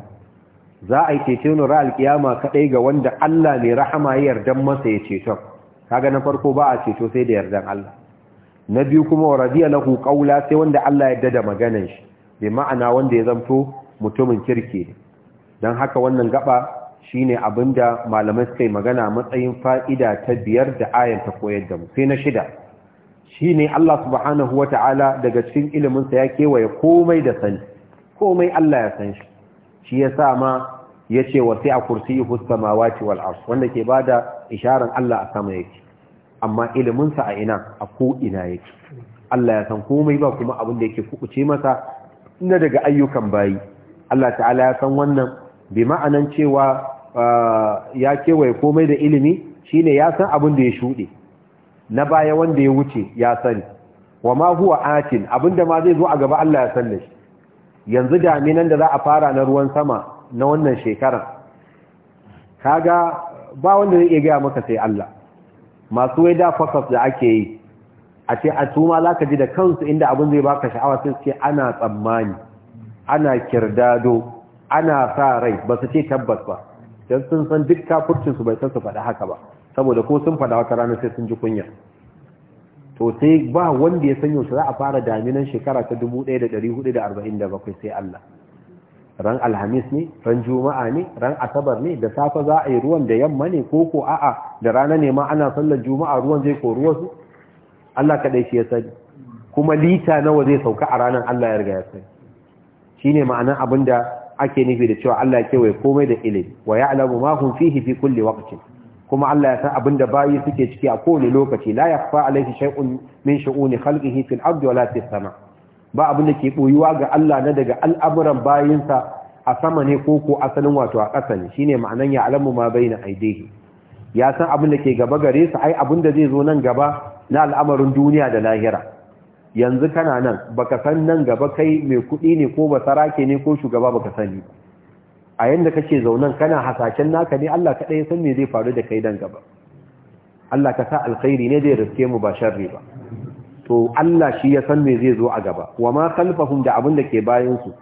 za a yi ceto ne ra'al kiyama kaɗai ga wanda Allah mai rahama ya yardan masa ya ceto kaga na farko ba a ceto sai da yardan Allah na biyu kuma wa rabiya lahu kaula sai wanda Allah ya dada maganan shi bi ma'ana wanda ya zamto mutumin kirki ne don haka wannan gaba shine da malamai suka yi magana matsayin fa'ida ta biyar da ayan ta koyar da mu sai na shida shine Allah subhanahu ta'ala daga cikin iliminsa ya kewaye komai da sani komai Allah ya san shi shi yasa ma yace wa sai a kursiyyu samawati wal ars wanda ke bada isharar Allah a sama yake amma iliminsa a ina a ko ina yake Allah ya san komai ba kuma abin da yake kukuce masa na daga ayyukan bayi Allah ta'ala ya san wannan bi ma'anan cewa ya kewaye komai da ilimi shine ya san abin da ya shuɗe na baya wanda ya wuce ya sani wa ma huwa atin abinda ma zai zo a gaba Allah ya sanne shi yanzu daminan da za a fara na ruwan sama na wannan shekarar kaga ba wanda zai iya gaya maka sai Allah masu waida fakas da ake yi a ce a tuma za ka ji da kansu inda abin zai baka sha'awa sai ce ana tsammani ana kirdado ana sa rai ba su ce tabbas ba don sun san duk kafurcin bai san su faɗa haka ba saboda ko sun faɗa wata rana sai sun ji kunya to sai ba wanda ya san yaushe za a fara daminan shekara ta 1447 sai Allah ran alhamis ne ran juma'a ne ran asabar ne da safa za a yi ruwan da yamma ne ko ko a'a da rana ne ma ana sallar juma'a ruwan zai koru wasu Allah kaɗai shi ya sani kuma lita nawa zai sauka a ranar Allah ya riga ya sani shine ma'anar abinda ake nufi da cewa Allah ya kewaye komai da ilimi wa ya'lamu ma hum fihi fi kulli waqtin kuma Allah ya san abinda bayi suke ciki a kowane lokaci la yakhfa alayhi shay'un min shu'uni khalqihi fil ardi wala fis sama ba abin da ke boyuwa ga Allah na daga al'amuran bayinsa a sama ne ko ko asalin wato a ƙasa ne shine ma'anan ya'lamu ma baina aidihi ya san abin da ke gaba gare su ai abin da zai zo nan gaba na al'amarin duniya da lahira yanzu kana nan baka san nan gaba kai mai kuɗi ne ko basarake ne ko shugaba baka sani a yanda kake zaunan kana hasashen naka ne Allah ka ya san me zai faru da kai dan gaba Allah ka sa alkhairi ne zai riske mu ba sharri ba to Allah shi ya san me zai zo a gaba wa ma khalfahum da abin da ke bayansu su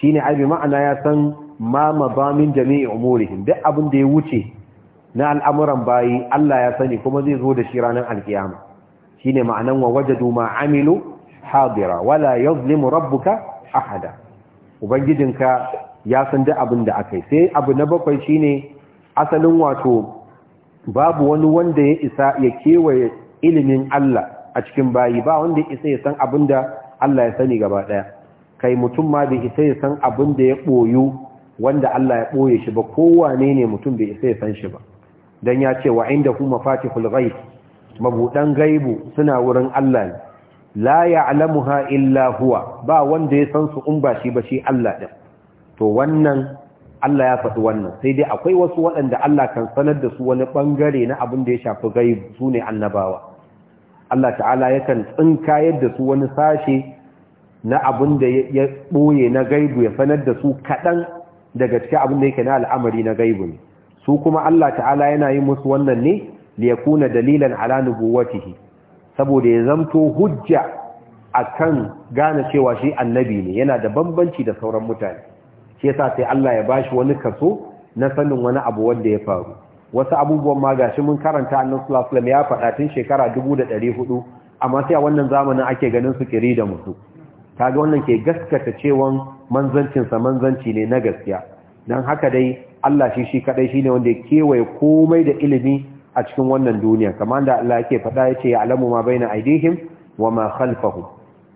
shine abi ma'ana ya san ma mabamin jami'i umurihim duk abin da ya wuce na al'amuran bayi Allah ya sani kuma zai zo da shi ranar alkiyama shine ma'anan wa wajadu ma amilu hadira wala yuzlimu rabbuka ahada ubangijinka ya san da abin da akai sai abu na bakwai shine asalin wato babu wani wanda ya isa ya kewaye ilimin Allah a cikin bayi ba wanda isa ya san abin da Allah ya sani gaba daya kai mutum ma bai isa ya san abin da ya boyu wanda Allah ya boye shi ba kowane ne mutum bai isa ya san shi ba dan ya ce wa inda kuma fatihul ghaib mabudan gaibu suna wurin Allah ne la ya'lamuha illa huwa ba wanda ya san su in ba shi ba shi Allah din to wannan Allah ya faɗi wannan sai dai akwai wasu waɗanda Allah kan sanar da su wani bangare na abin da ya shafi gaibu sune annabawa Allah ta'ala yakan tsinka yadda su wani sashe na abin da ya boye na gaibu ya sanar da su kaɗan daga cikin abin da yake na al'amari na gaibu ne su kuma Allah ta'ala yana yi musu wannan ne da ya dalilan ala nubuwatihi saboda ya zamto hujja a kan gane cewa shi annabi ne yana da bambanci da sauran mutane shi yasa sai Allah ya bashi wani kaso na sanin wani abu wanda ya faru wasu abubuwan ma gashi mun karanta annabi sallallahu alaihi wasallam ya faɗa tun shekara 1400 amma sai a wannan zamanin ake ganin su kiri da musu kaga wannan ke gaskata cewan manzancinsa manzanci ne na gaskiya don haka dai Allah shi shi kadai shine wanda ya kewaye komai da ilimi a cikin wannan duniya kamar da Allah yake faɗa yace ya alamu ma baina aidihim wa ma khalfahum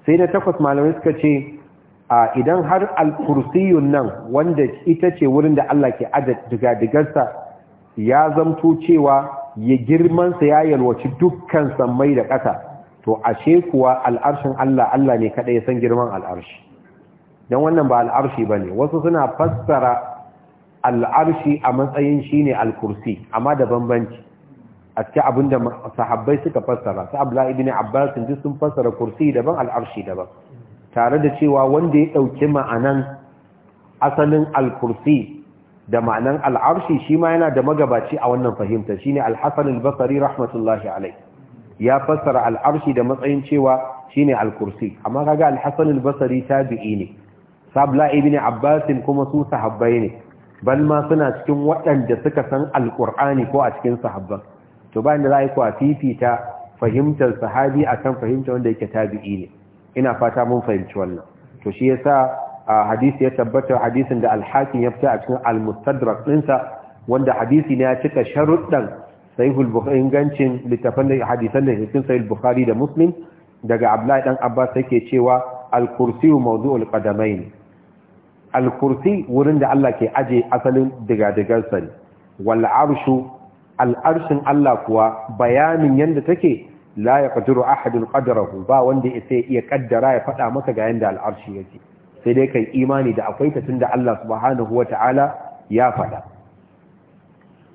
sai na takwas malamai suka ce a idan har al-kursiyun nan wanda ita ce wurin da Allah ke aje digarsa ya zamto cewa ya girman sa ya yalwaci dukkan samai da ƙasa to ashe kuwa al-arshin Allah Allah ne kada ya san girman al'arshi dan wannan ba al'arshi bane wasu suna fassara al'arshi a matsayin shine al-kursi amma da bambanci a cikin abin da sahabbai suka fassara su abdullahi ibn abbas duk sun fassara kursi daban al'arshi daban tare da cewa wanda ya ɗauki ma'anan asalin al-kursi da ma'anan al'arshi shi ma yana da magabaci a wannan fahimta shine al-hasan al rahmatullahi alai ya fassara al'arshi da matsayin cewa shine al-kursi amma kaga al Basari al-basri tabi'i ne sabla ibn abbas kuma su sahabbai ne ban ma suna cikin waɗanda suka san al-qur'ani ko a cikin sahabban to bayan da za a yi kuwa fifita fahimtar sahabi akan fahimtar wanda yake tabi'i ne ina fata mun fahimci wannan to shi yasa hadisi ya tabbata hadisin da alhakin ya fita a cikin al ɗinsa wanda hadisi ne ya cika sharuɗan sahihul bukhari ingancin littafan da hadisan da cikin sahihul bukhari da muslim daga abdullahi dan abbas yake cewa al-kursi mawdu'ul qadamain al-kursi wurin da Allah ke aje asalin diga-digarsa ne wal arshu al'arshin Allah kuwa bayanin yadda take la yaqdiru ahadin qadrahu ba wanda sai iya ƙaddara ya faɗa maka ga yadda al'arshi yake sai dai kai imani da akwai ta tunda Allah subhanahu ta'ala ya faɗa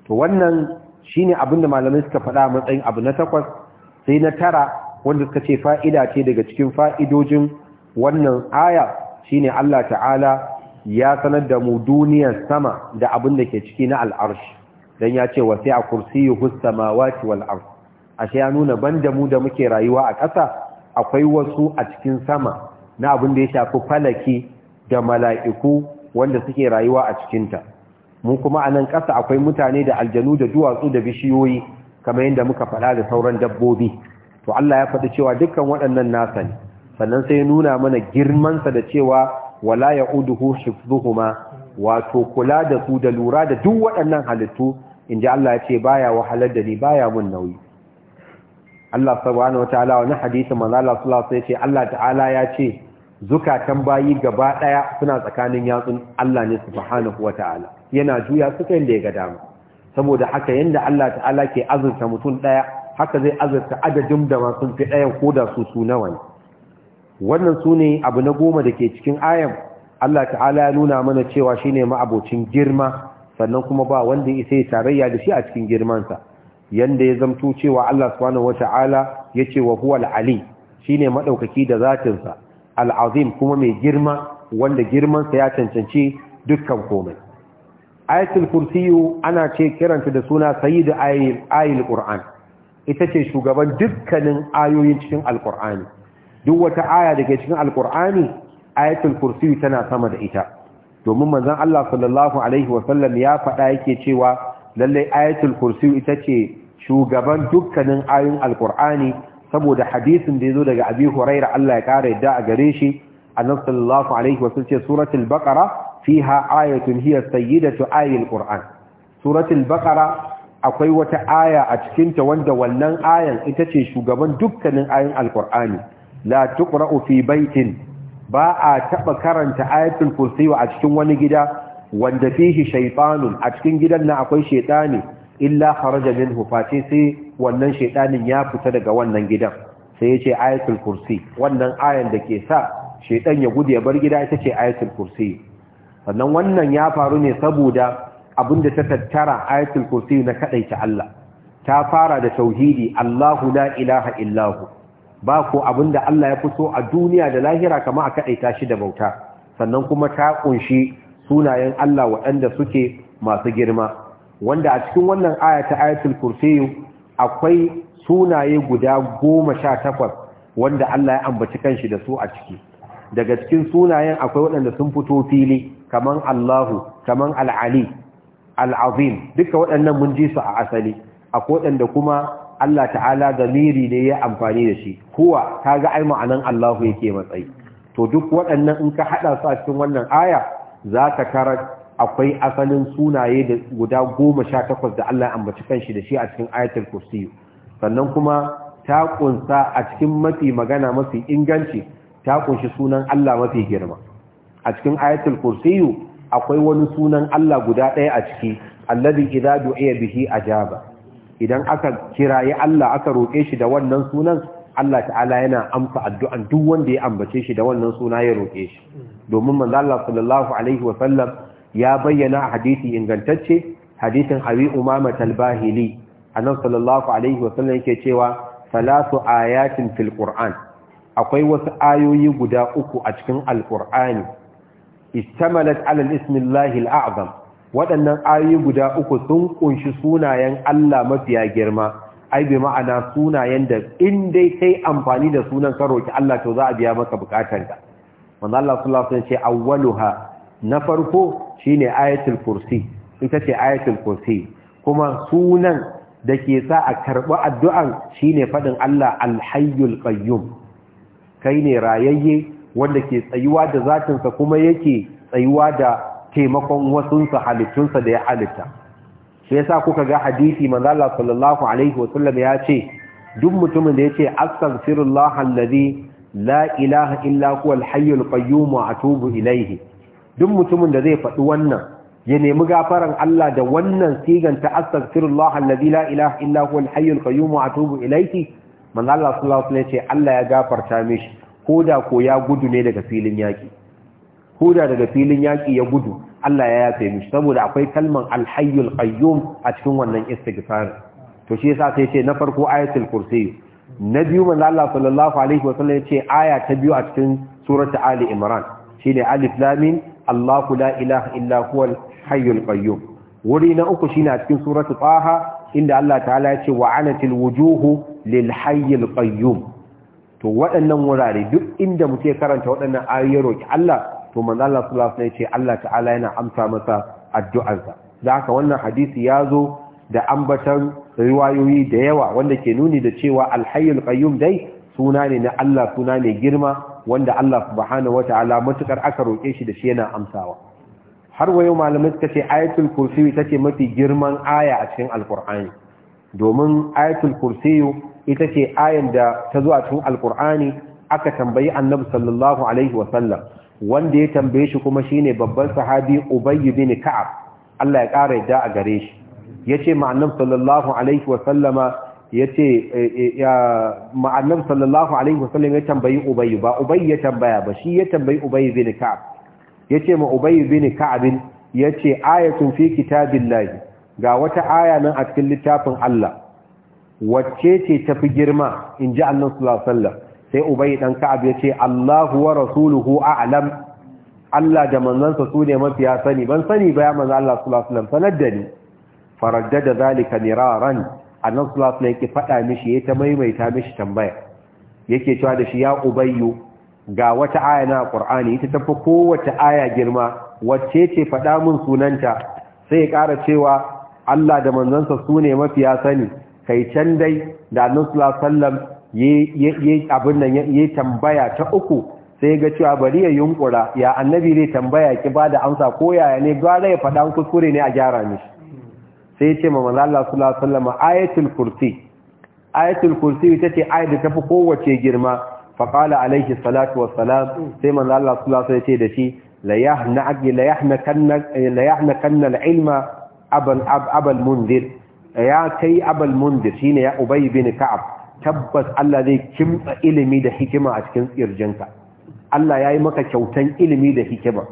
to wannan shine abinda malamai suka faɗa matsayin abu na takwas sai na tara wanda suka ce fa'ida ce daga cikin fa'idojin wannan aya shine Allah ta'ala ya sanar da mu duniyar sama da abin da ke ciki na al'arshi dan ya ce wasi'a kursiyyuhu samawati wal ard ashe ya nuna banda mu da muke rayuwa a ƙasa akwai wasu a cikin sama na abin da ya shafi falaki da mala'iku wanda suke rayuwa a cikin ta mu kuma a nan ƙasa akwai mutane da aljanu da duwatsu da bishiyoyi kamar yadda muka faɗa da sauran dabbobi to Allah ya faɗi cewa dukkan waɗannan nasa ne sannan sai ya nuna mana girman sa da cewa wala ya'uduhu hifdhuhuma wato kula da su da lura da duk waɗannan halittu in ji Allah ya ce baya wahalar da ni ba ya mun nauyi Allah wata wataala wani hadisi manzo Allah Lasu ya ce Allah ta'ala ya ce zukatan bayi gaba ɗaya suna tsakanin yatsun Allah ne subhanahu Ta'ala. yana juya suka yin da ya ga dama saboda haka yanda Allah ta'ala ke azurta mutum ɗaya, haka zai azurta adadin da masu fi ɗayan ko da su su nawa ne wannan su ne abu na goma da ke cikin ayan Allah ta'ala ya nuna mana cewa shine ma'abocin girma sannan kuma ba wanda isa ya tarayya da shi a cikin girmansa yanda ya zamto cewa Allah subhanahu ya ce wa huwal ali shine maɗaukaki da zatinsa al'azim kuma mai girma wanda girmansa ya cancanci dukkan komai ayatul kursiyu ana ce kiranta da suna sayyidu ayil qur'an ita ce shugaban dukkanin ayoyin cikin alqur'ani duk wata aya daga cikin alqur'ani ayatul kursi tana sama da ita domin manzon Allah sallallahu alaihi wasallam ya faɗa yake cewa lalle ayatul kursi ita ce shugaban dukkanin ayoyin alqur'ani saboda hadisin da yazo daga Abi Hurairah Allah ya kare yadda a gare shi annabi sallallahu alaihi wasallam ce suratul baqara fiha ayatun hiya sayyidatu ayil qur'an suratul baqara akwai wata aya a cikinta wanda wannan ayan ita ce shugaban dukkanin ayin alkur'ani la tuqra'u fi baitin ba a taba karanta ayatul kursi a cikin wani gida wanda fihi shaytanun a cikin gidan nan akwai shaytani illa kharaja minhu fati sai wannan shaytanin ya fita daga wannan gidan sai yace ayatul kursi wannan ayan da ke sa shaytan ya gudu ya bar gida ita ce ayatul kursi sannan wannan ya faru ne saboda abinda ta tattara ayatul kursi na ta Allah ta fara da tauhidi Allahu la ilaha illahu ba ko abin da Allah ya fito a duniya da lahira kama a kaɗaita shi da bauta sannan kuma ta ƙunshi sunayen Allah waɗanda suke masu girma wanda a cikin wannan aya ta ayatul kursiyu akwai sunaye guda goma sha takwas wanda Allah ya ambaci kanshi da su a ciki daga cikin sunayen akwai waɗanda sun fito fili kaman Allahu kaman al'ali, ali Al-Azim duka waɗannan mun ji su a asali akwai waɗanda kuma Allah ta'ala zamiri ne ya amfani da shi ga kaga ai ma'anan Allahu yake matsayi to duk waɗannan in ka haɗa su a cikin wannan aya za ka kara akwai asalin sunaye da guda goma sha takwas da Allah ya ambaci kanshi da shi a cikin ayatul kursiyu, sannan kuma ta kunsa a cikin mafi magana mafi inganci ta kunshi sunan Allah mafi girma a cikin ayatul kursiyu, akwai wani sunan Allah guda ɗaya a ciki alladhi idza du'iya bihi ajaba idan aka kiraye Allah aka roƙe shi da wannan sunan Allah ta'ala yana amsa addu'an duk wanda ya ambace shi da wannan suna ya roƙe shi domin manzo Allah sallallahu alaihi wa sallam ya bayyana hadisi ingantacce hadisin Abi Umama al-Bahili annabi sallallahu alaihi wa sallam yake cewa salatu ayatin fil Qur'an akwai wasu ayoyi guda uku a cikin Al-Qur'ani istamalat ala ismillahi al-a'zam waɗannan ayoyi guda uku sun kunshi sunayen Allah mafiya girma ai bi ma'ana sunayen da in dai kai amfani da sunan ka roki Allah to za a biya maka bukatanka manzo Allah sallallahu alaihi wasallam ce awwaluha na farko shine ayatul kursi ita ce ayatul kursi kuma sunan da ke sa a karɓi addu'an shine ne Allah alhayyul Qayyum, kai ne rayayye wanda ke tsayuwa da zatinsa kuma yake tsayuwa da taimakon wasunsa halittunsa da ya halitta shi yasa kuka ga hadisi manzo sallallahu alaihi wasallam ya ce duk mutumin da yace astaghfirullah allazi la ilaha illa huwa alhayyul hayyul qayyum wa atubu ilayhi duk mutumin da zai faɗi wannan ya nemi gafaran Allah da wannan sigan ta astaghfirullah allazi la ilaha illa huwa al-hayyul qayyum wa atubu ilayhi manzo sallallahu alaihi wasallam ya ce Allah ya gafarta mishi koda ko ya gudu ne daga filin yaki ko da daga filin yaƙi ya gudu Allah ya yafe mishi saboda akwai kalman alhayyul qayyum a cikin wannan istighfar to shi yasa sai ce na farko ayatul kursi na biyu manzo Allah sallallahu alaihi wa sallam yace aya ta biyu a cikin surata ali imran shine alif lam mim Allahu la ilaha illa huwal hayyul qayyum wuri na uku shine a cikin suratu taha inda Allah ta'ala ya ce wa'anatil wujuhu lil hayyil qayyum to waɗannan wurare duk inda ya karanta waɗannan ayoyi roki Allah to manzo Allah sallallahu alaihi wasallam ya ce Allah ta'ala yana amsa masa addu'arsa da haka wannan hadisi ya zo da ambatan riwayoyi da yawa wanda ke nuni da cewa alhayyul qayyum dai suna ne na Allah suna ne girma wanda Allah subhanahu wataala matukar aka roke shi da shi yana amsawa har wayo malamai suka ce ayatul kursi ita ce mafi girman aya a cikin alqur'ani domin ayatul kursiyu ita ce ayan da ta zo a cikin alqur'ani aka tambayi annabi sallallahu alaihi wasallam wanda ya tambaye shi kuma shine babban sahabi Ubay bin Ka'ab Allah ya ƙara yadda a gare shi yace ma'annab sallallahu alaihi wa sallama yace eh, eh, ma'annab sallallahu alaihi wa ya tambayi Ubay ba Ubay ya tambaya ba shi ya tambayi Ubay bin Ka'ab yace ma Ubay bin Ka'ab yace ayatun fi kitabillahi ga wata aya nan a cikin littafin Allah wacce ce tafi girma inji Allah sallallahu alaihi wa sallam sai ubayi dan ka'ab yace Allahu wa rasuluhu a'lam Allah da manzansa su ne mafiya sani ban sani ba ya manzo Allah sallallahu alaihi wasallam sanar da ni faraddada zalika miraran annabi sallallahu alaihi wasallam fada mishi ya ta maimaita mishi tambaya yake cewa da shi ya ubayyu ga wata aya na Qur'ani ita ta tafi kowace aya girma wacce ce fada mun sunanta sai ya ƙara cewa Allah da manzansa su ne mafiya sani kai can dai da annabi sallallahu alaihi wasallam yi abin nan tambaya ta uku sai ga cewa bari ya yunkura ya annabi ne tambaya ki ba da amsa ko yaya ne gara ya faɗa kuskure ne a gyara mishi sai ya ce ma manzo Allah sallallahu alaihi ayatul kursi ayatul kursi ita ce ayat da tafi kowace girma faƙala qala alaihi salatu wassalam sai manzo Allah sallallahu alaihi ya ce da shi la ya na yahna kanna ilma abal mundir ya kai abal mundir shine ya ubayi bin ka'ab tabbas Allah zai kimtsa ilimi da hikima a cikin tsirjinka Allah ya yi maka kyautan ilimi da hikima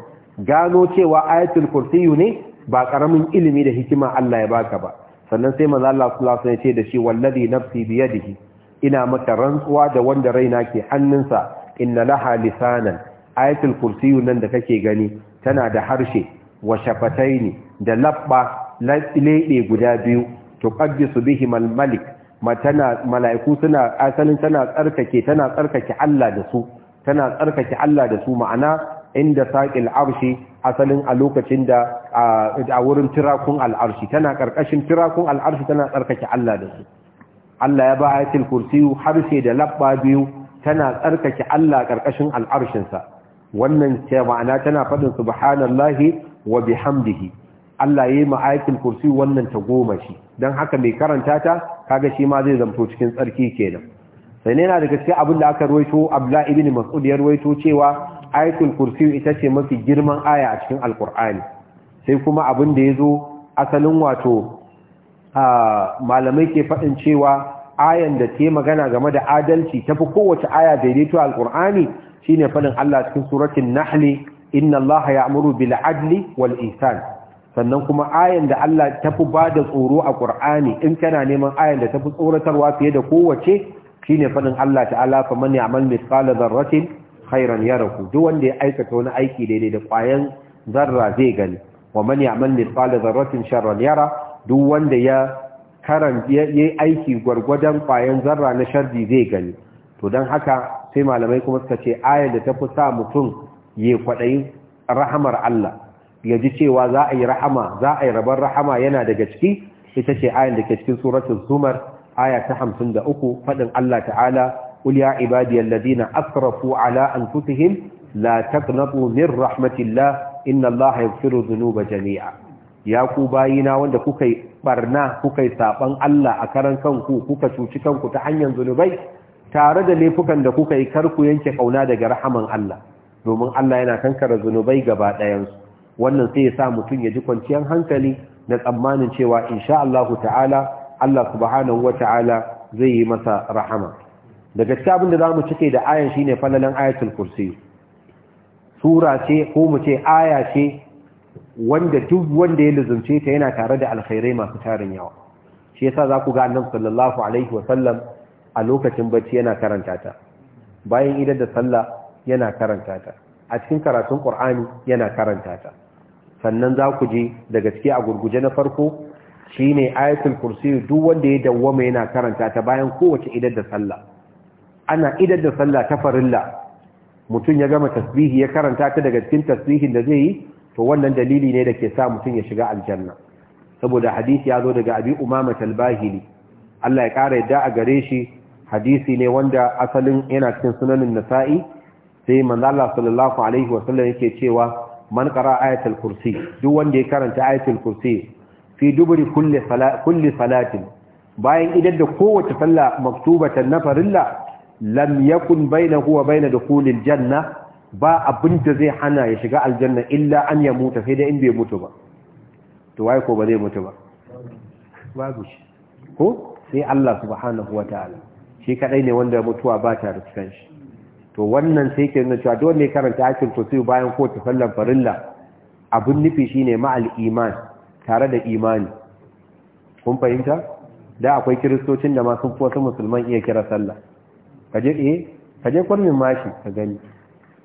gano cewa ayatul kursiyu ne ba karamin ilimi da hikima Allah ya baka ba sannan sai maza Allah lasu alaihi ce da shi wallazi nafsi biyadihi ina maka rantsuwa da wanda raina ke hannunsa inna laha lisanan ayatul kursiyu nan da kake gani tana da harshe wa shafataini da labba lalle guda biyu tuqaddisu bihim malik matana mala'iku suna asalin tana tsarkake tana tsarkake Allah da su tana tsarkake Allah da su ma'ana inda saqil arshi asalin a lokacin da a wurin tirakun al'arshi tana karkashin tirakun al'arshi tana tsarkake Allah da su Allah ya ba ayatul kursi harshe da labba biyu tana tsarkake Allah karkashin al'arshin sa wannan ce ma'ana tana fadin subhanallahi wa bihamdihi Allah yayi ma ayatul kursi wannan ta goma shi don haka mai karanta ta kaga shi ma zai zamto cikin tsarki kenan sai ne yana daga cikin abin da aka ruwaito abla ibn mas'ud ya ruwaito cewa ayatul kursi ita ce mafi girman aya a cikin alqur'ani sai kuma abin da ya zo asalin wato malamai ke faɗin cewa ayan da ke magana game da adalci tafi kowace aya daidaito alqur'ani shine faɗin Allah cikin suratul nahl inna allaha ya'muru bil adli wal ihsan sannan kuma ayan da Allah ta fi ba da tsoro a ƙur'ani in kana neman ayan da ta fi tsoratarwa fiye da kowace shi ne faɗin Allah ta'ala fa mani amal misqala zarratin khairan yarahu duk wanda ya aikata wani aiki daidai da ƙwayan zarra zai gani wa mani amal misqala zarratin sharran yara duk wanda ya karanta ya yi aiki gwargwadon ƙwayan zarra na sharri zai gani to don haka sai malamai kuma suka ce ayan da ta fi sa mutum ya kwaɗayi rahamar Allah ya ji cewa za a yi rahama za a yi rabar rahama yana daga ciki ita ce ayan da ke cikin suratun zumar aya ta hamsin da uku fadin Allah ta'ala qul ya ladina asrafu ala anfusihim la taqnatu min rahmatillah inna Allaha firu dhunuba jami'a ya ku bayina wanda kuka yi barna kuka yi saban Allah a karan kanku kuka cuci kanku ta hanyar zunubai tare da laifukan da kuka yi karku yanke kauna daga rahaman Allah domin Allah yana kankara zunubai gaba ɗayansu wannan sai ya sa mutum ya ji kwanciyar hankali na tsammanin cewa insha ta'ala Allah subhanahu wa ta'ala zai yi masa rahama daga cikin abin da za mu cike da ayan shine falalan ayatul kursi sura ce ko mu ce aya ce wanda duk wanda ya luzumce ta yana tare da alkhairai masu tarin yawa shi yasa za ku ga annabi sallallahu alaihi wa sallam a lokacin bacci yana karanta ta bayan idan da sallah yana karanta ta a cikin karatun qur'ani yana karanta ta sannan za ku ji da gaske a gurguje na farko Shi ne ayatul kursi duk wanda ya dawwama yana karanta ta bayan kowace idar da sallah ana idar da sallah ta farilla mutum ya gama tasbihi ya karanta ta daga cikin tasbihin da zai yi to wannan dalili ne da ke sa mutum ya shiga aljanna saboda hadisi ya zo daga abi umama talbahili Allah ya kara yadda a gare shi hadisi ne wanda asalin yana cikin sunanin nasa'i sai manzo Allah sallallahu alaihi wasallam yake cewa man qara ayatul kursi duk wanda ya karanta ayatul kursi fi duburi kulli salati kulli salatin bayan idan da kowace salla maktubatan na farilla lam yakun bainahu wa bain dukhulil janna ba abin da zai hana ya shiga aljanna illa an ya mutu sai da in bai mutu ba to wai ko ba zai mutu ba babu shi ko sai Allah subhanahu wataala shi kadai ne wanda mutuwa ba ta rufkan shi to wannan sai ke nuna cewa dole karanta ayatul kursi bayan ko ta sallan farilla abun nufi shine ma'al iman tare da imani kun fahimta da akwai kiristocin da ma sun fi wasu musulman iya kira sallah kaje eh kaje kurmin mashi ka gani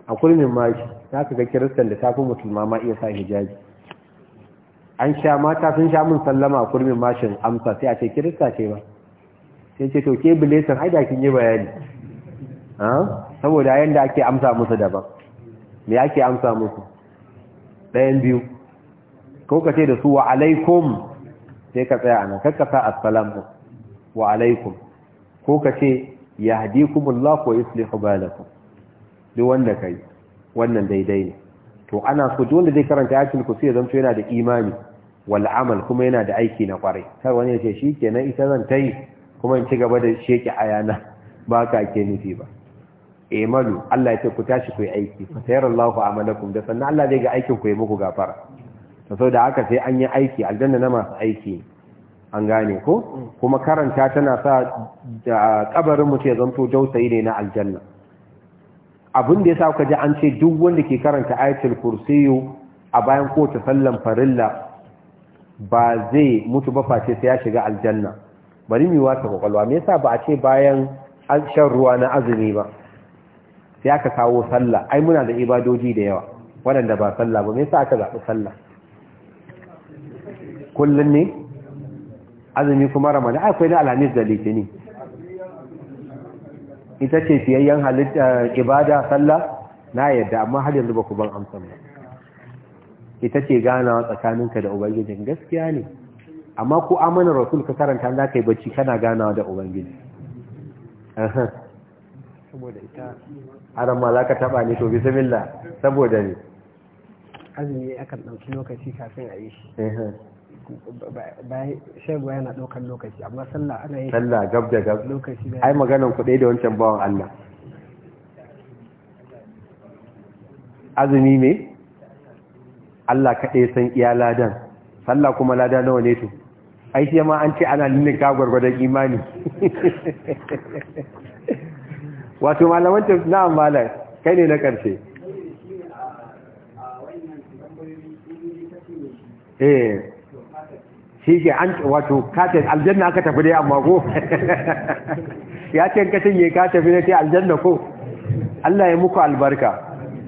a kurmin mashi za ka ga kiristan da ta fi musulma ma iya sa hijabi an sha mata sun sha mun sallama a kurmin mashin amsa sai a ce kirista ce ba sai ce to ke bilesan ai da kin yi bayani saboda yadda ake amsa musu daban me ake amsa musu ɗayan biyu ko ka ce da su wa alaikum sai ka tsaya anan kakka sa wa alaikum ko ka ce yahdikumullahu wa yuslihu ku. duk wanda ka yi. wannan daidai ne to ana so dole zai karanta yakin ku zan to yana da imani wal amal kuma yana da aiki na kwarai kai wani ya ce shi kenan ita zan ta yi. kuma in ci gaba da sheki ayana ba ka ke nufi ba emalu Allah ya ce ku tashi ku yi aiki fa sayarallahu amalakum da sannan Allah zai ga aikin ku ya muku gafara to saboda haka sai an yi aiki aljanna na masu aiki an gane ko kuma karanta tana sa da kabarin mu ce zanto dausayi ne na aljanna abin da yasa kuka ji an ce duk wanda ke karanta ayatul kursiyu a bayan kowace sallan farilla ba zai mutu ba face sai ya shiga aljanna bari mu yi wata kwakwalwa me yasa ba a ce bayan shan ruwa na azumi ba sai aka kawo sallah ai muna da ibadoji da yawa waɗanda ba sallah ba mai sa aka zaɓi sallah kullum ne azumi kuma ramadan akwai na alhamis da litini ita ce fiyayyen halitta eh, ibada sallah na yadda amma har yanzu ba ku ban amsa ba ita ce ganawa tsakaninka da ubangijin gaskiya ne amma ko amana rasul ka karanta an zaka yi bacci kana ganawa da ubangiji saboda ita aran ma za ka taɓa ne to bisimilla saboda ne azumi kan ɗauki lokaci kafin a yi shi shagwa yana ɗaukar lokaci amma sallah ana yi sallah gab da gab lokaci da ai maganan ɗaya da wancan bawan Allah azumi ne Allah kaɗai san iya ladan sallah kuma lada nawa ne to ai sai ma an ce ana linnin ka gwargwadon imani wato malaman tafsir na amala kai ne na karshe eh shi ke an wato katin aljanna aka tafi dai amma ko ya ce ka cinye ka tafi na ce aljanna ko Allah ya muku albarka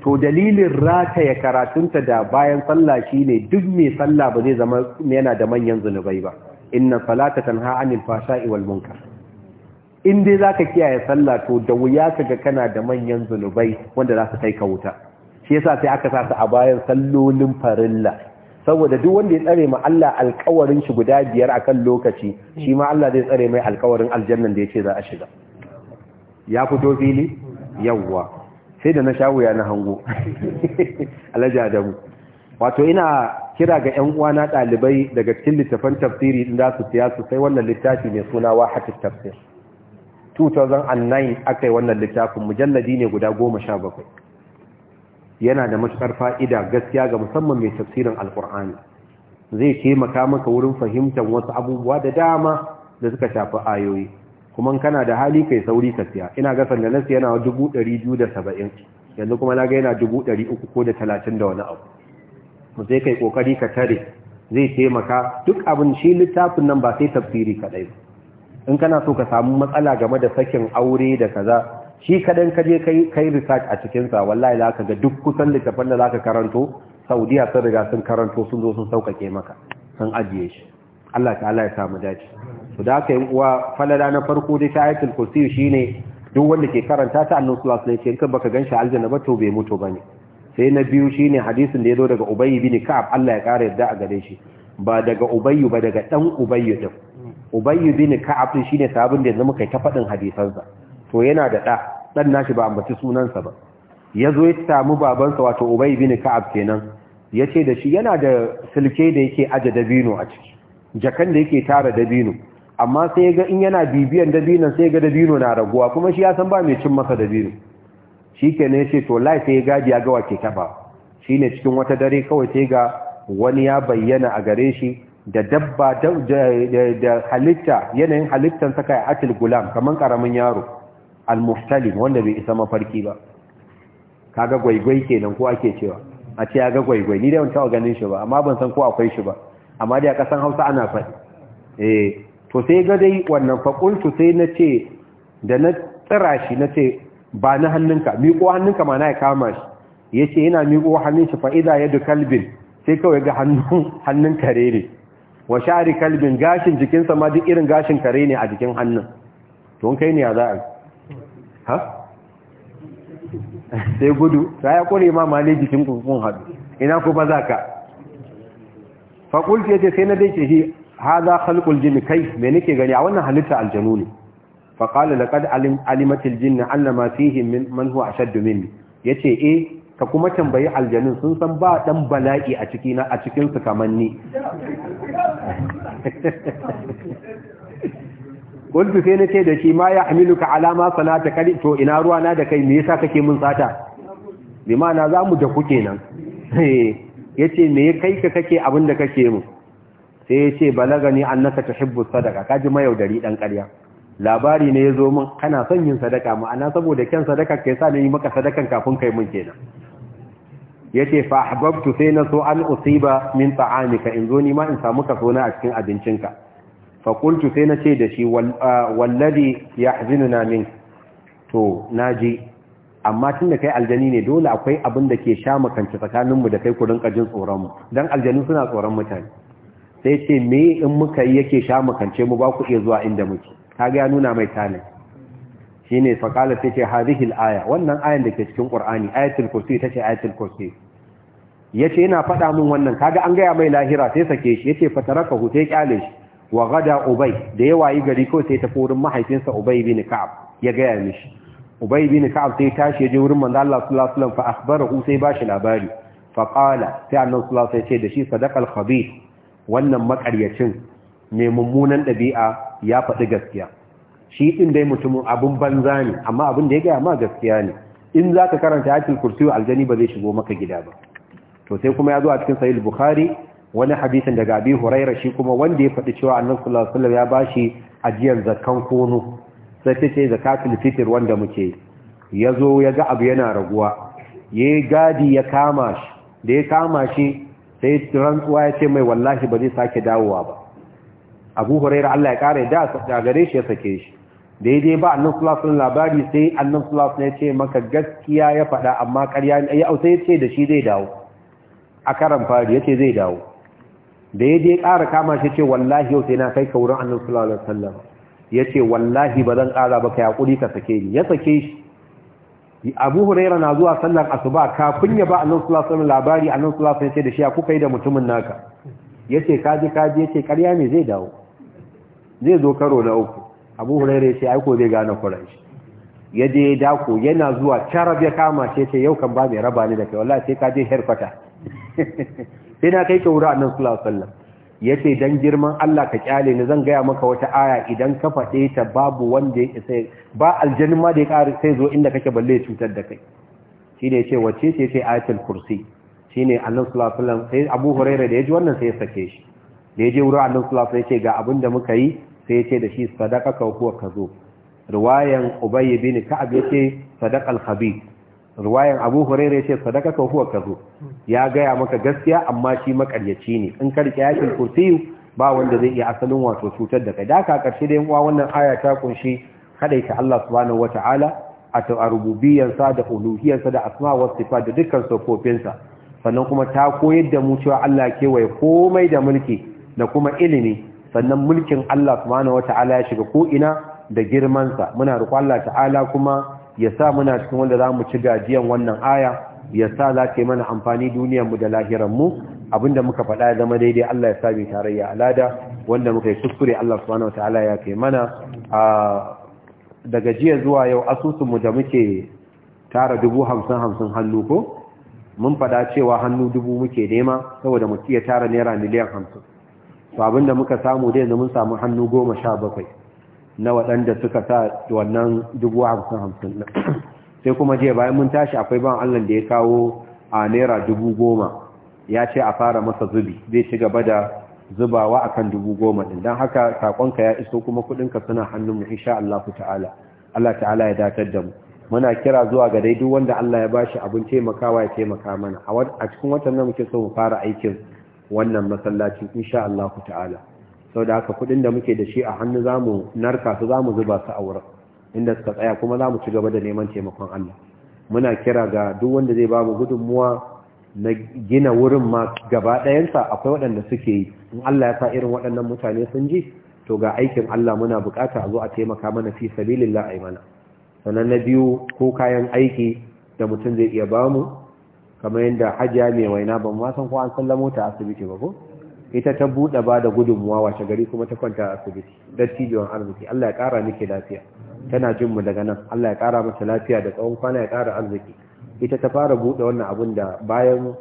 to dalilin rata ya karatunta da bayan sallah ne duk mai sallah ba zai zama yana da manyan zunubai ba inna salata tanha anil fashai wal munkar in dai ka kiyaye sallah to da wuya kaga kana da manyan zunubai wanda za su kai ka wuta shi yasa sai aka sa su a bayan sallolin farilla saboda duk wanda ya tsare ma Allah alƙawarin shi guda biyar akan lokaci shi ma Allah zai tsare mai alƙawarin aljannan da yace za a shiga ya fito fili yawwa sai da na shawuya na hango alaja adamu wato ina kira ga ƴan uwana ɗalibai daga cikin littafan tafsiri in za su siya su sai wannan littafi mai suna wahatul tafsir 2009 aka yi wannan littafin mujalladi ne guda goma sha bakwai yana da matuƙar fa'ida gaskiya ga musamman mai tafsirin alƙur'ani zai taimaka maka wurin fahimtar wasu abubuwa da dama da suka shafi ayoyi kuma kana da hali kai sauri ka siya ina ga sanda na siya na dubu ɗari biyu da saba'in yanzu kuma na ga yana dubu ɗari uku ko da talatin da wani abu mu sai kai ƙoƙari ka tare zai taimaka duk abin shi littafin nan ba sai tafsiri kaɗai ba in kana so ka samu matsala game da sakin aure da kaza shi kadan ka je kai research a cikin sa wallahi za ga duk kusan littafin da za ka karanto saudiya sun riga sun karanto sun zo sun sauƙaƙe maka sun ajiye shi Allah ta'ala ya samu dace to da haka yin uwa falala na farko dai ta ayatul kursi shine duk wanda ke karanta ta annabi sallallahu alaihi wasallam ka baka ganshi aljanna ba to bai mutu bane sai na biyu shine hadisin da ya zo daga Ubay bin Ka'ab Allah ya kara yadda a gare shi ba daga Ubayyu ba daga dan Ubayyu din ubayyu bin ka'ab shine sabin da yanzu muka ta fadin hadisansa to yana da da dan nashi ba ambaci sunansa ba yazo ya samu babansa wato ubay bin ka'ab kenan yace da shi yana da silke da yake aje dabino a ciki jakan da yake tara dabino amma sai ya ga in yana bibiyan dabinon sai ya ga dabino na raguwa kuma shi ya san ba mai cin masa dabino shikenan yace to lai sai gaji ya ga ta ba shine cikin wata dare kawai sai ga wani ya bayyana a gare shi da dabba da halitta yanayin halittan saka ya atil gulam kamar karamin yaro al-muhtalim wanda bai isa mafarki ba kaga gwaigwai kenan ko ake cewa a ce ya ga gwaigwai ni da ban taɓa ganin shi ba amma ban san ko akwai shi ba amma dai a ƙasan Hausa ana faɗi eh to sai ga dai wannan to sai na ce da na tsira shi na ce ba na hannunka miƙo hannunka ma na ya kama shi ya ce yana miƙo hannun shi fa'iza ya da kalbin sai kawai ga hannun kare ne wa sha'ri kalbin gashin jikinsa ma duk irin gashin kare ne a jikin hannun to kai ne ya za a ha sai gudu sai ya kore ma ne jikin kun hadu ina ku ba za ka fakulti ce sai na dai ce ha za halkul jini kai me nake gani a wannan halitta aljanu ne fa da laqad alim alimatil jinni anna ma fihi min a shaddu mini ya ce eh ka kuma tambayi aljanin sun san ba dan bala'i a ciki na a cikin su kamar ni kuntu sai nace da shi ma ya ka alama sanata kali to ina ruwa na da kai me yasa kake mun sata bi ma'ana zamu da kuke nan yace me ya kai ka kake abin da kake mu sai yace balagani annaka tuhibbu sadaqa kaji mayaudari dan ƙarya labari ne yazo min kana son yin sadaka ma'ana saboda kyan sadakar kai sa ne yi maka sadakan kafin kai mun kenan yace fa ahbabtu sai na so an usiba min ta'amika in zo ni ma in samu kaso na a cikin abincinka fa qultu sai na ce da shi wallazi yahzinuna min to naji amma tun da kai aljani ne dole akwai abin da ke sha makanci tsakanin mu da kai ku rinka jin tsoron mu dan suna tsoron mutane sai ce me in muka yi yake sha makance mu ba ku iya zuwa inda muke kaga ya nuna mai tani shine fa qala sai ce hadhihi aya wannan ayan da ke cikin qur'ani ayatul kursi ce ayatul kursi ya ce yana faɗa min wannan kaga an gaya mai lahira sai sake shi ya ce fataraka hu sai kyale shi wa gada ubay da ya wayi gari ko sai tafi wurin mahaifinsa ubay bin ka'ab ya gaya mishi ubay bin ka'ab sai tashi ya je wurin manzo Allah sallallahu alaihi wasallam fa akhbarahu sai bashi labari fa qala sai annabi sallallahu alaihi wasallam ce da shi sadaqal khabith wannan makaryacin mai mummunan dabi'a ya faɗi gaskiya shi din dai mutumin abun banza ne amma abin da ya gaya ma gaskiya ne in zaka karanta ayatul kursiyu aljani ba zai shigo maka gida ba to sai kuma ya zo a cikin sahih bukhari wani hadisin daga abi huraira shi kuma wanda ya faɗi cewa annabi sallallahu alaihi wasallam ya bashi ajiyar zakkan kono sai ta ce zakatul fitr wanda muke yazo zo ya ga abu yana raguwa ya gadi ya kama shi da ya kama shi sai rantsuwa ya ce mai wallahi ba zai sake dawowa ba abu huraira Allah ya kare da gare shi ya sake shi daidai ba annan sulasun labari sai annan sulasun ya ce maka gaskiya ya faɗa amma ƙarya ya sai ya ce da shi zai dawo a karan fari ce zai dawo da ya je ƙara kama shi ce wallahi yau sai na kai ka wurin annan sulawar sallar Ya ce wallahi ba zan ƙara ba ka yaƙuri ka sake ni ya sake shi Abu huraira na zuwa sallar asuba kafin ya ba annan sulawar alaihi labari annan sulawar alaihi da shi ya kuka yi da mutumin naka ce kaji kaji ce ƙarya ne zai dawo zai zo karo na uku Abu huraira yace ai ko zai gane kuran shi ya je dako yana zuwa carab ya kama shi ce yau kan ba mai raba ni da kai wallahi sai kaji herkwata sai na kai ka wuri annan sallallahu alaihi wasallam yace dan girman Allah ka kyale ni zan gaya maka wata aya idan ka faɗe ta babu wanda ya sai ba aljannin ma da ya ƙara sai zo inda kake balle cutar da kai shine yace wacce ce ce ayatul kursi shine annabi sallallahu alaihi wasallam sai Abu Hurairah da yaji wannan sai ya sake shi da je wuri annabi sallallahu alaihi wasallam yace ga abin da muka yi sai yace da shi sadaka ka kuwa ka zo riwayan Ubay bin Ka'ab yace sadaqal khabith ruwayan abu hurairu ce sadaka ka huwa zo ya gaya maka gaskiya amma shi makaryaci ne in karki yakin kursiyu ba wanda zai iya asalin wato cutar da kai daka karshe da yanwa wannan aya ta kunshi ta Allah subhanahu wataala a sa da sa da asma wa sifa da dukkan sa sannan kuma ta koyar da mu cewa Allah kewaye komai da mulki da kuma ilimi sannan mulkin Allah subhanahu wataala ya shiga ko ina da girmansa muna roƙon Allah ta'ala kuma ya sa muna cikin wanda za mu ci gajiyan wannan aya ya sa za ta yi mana amfani mu da lahiranmu abinda muka faɗa ya zama daidai Allah ya sa bai tarayya alada wanda muka yi kuskure Allah subhanahu wataala ya kai mana a daga jiya zuwa yau asusunmu da muke tara dubu hamsin hamsin hannu ko mun faɗa cewa hannu dubu muke nema saboda mu iya tara naira miliyan hamsin to abinda muka samu dai yanzu mun samu hannu goma sha bakwai na waɗanda suka sa wannan dubu hamsin hamsin sai kuma jiya bayan mun tashi akwai ban allah da ya kawo a naira dubu goma ya ce a fara masa zubi zai ci gaba da zubawa akan dubu goma ɗin don haka saƙonka ya iso kuma kuɗinka suna hannun mu insha Allah ta'ala Allah ta'ala ya datar da mu muna kira zuwa ga dai duk wanda Allah ya bashi abin taimakawa ya taimaka mana a cikin watan nan muke so mu fara aikin wannan masallaci insha Allah ta'ala sau da haka kudin da muke da shi a hannu za mu narka su za mu zuba su a wurin inda suka tsaya kuma za mu ci gaba da neman taimakon Allah muna kira ga duk wanda zai ba mu gudunmuwa na gina wurin ma gaba ɗayansa akwai waɗanda suke yi in Allah ya sa irin waɗannan mutane sun ji to ga aikin Allah muna bukata a zo a taimaka mana fi sabilillah ay mana sannan na biyu ko kayan aiki da mutum zai iya bamu kamar yadda hajiya mai waina ban ma san ko an sallamo ta asibiti ba ko ita ta buɗe ba da gudunmuwa wace gari kuma ta kwanta a asibiti cibiyar arziki Allah ya ƙara miki lafiya tana jin mu daga nan Allah ya ƙara mata lafiya da tsawon kwana ya ƙara arziki ita ta fara buɗe wannan abun da bayan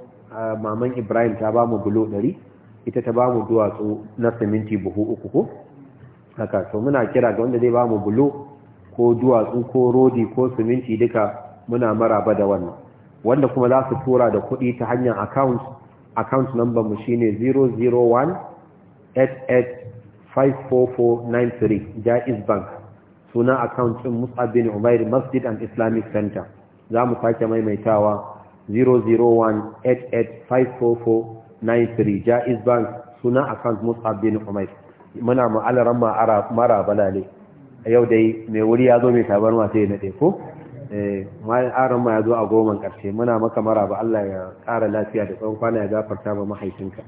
maman Ibrahim ta ba mu bulo ɗari ita ta ba mu duwatsu na siminti buhu uku ko haka to muna kira ga wanda zai ba mu bulo ko duwatsu ko rodi ko siminti duka muna maraba da wannan wanda kuma za su tura da kuɗi ta hanyar account account number mu shine 001 885493 Jaiz Bank suna account din Mus'ab bin Umair Masjid and Islamic Center za mu sake maimaitawa 001 885493 Jaiz Bank suna account Mus'ab bin Umair muna mu'alaran ma'ara mara balale yau dai mai wuri ya zo mai tabarma sai na ɗaya ko Eh, mayan aron ma ya zo a goman ƙarshe muna maka ba Allah ya ƙara lafiya da tsawon kwana ya gafarta ma mahaifinka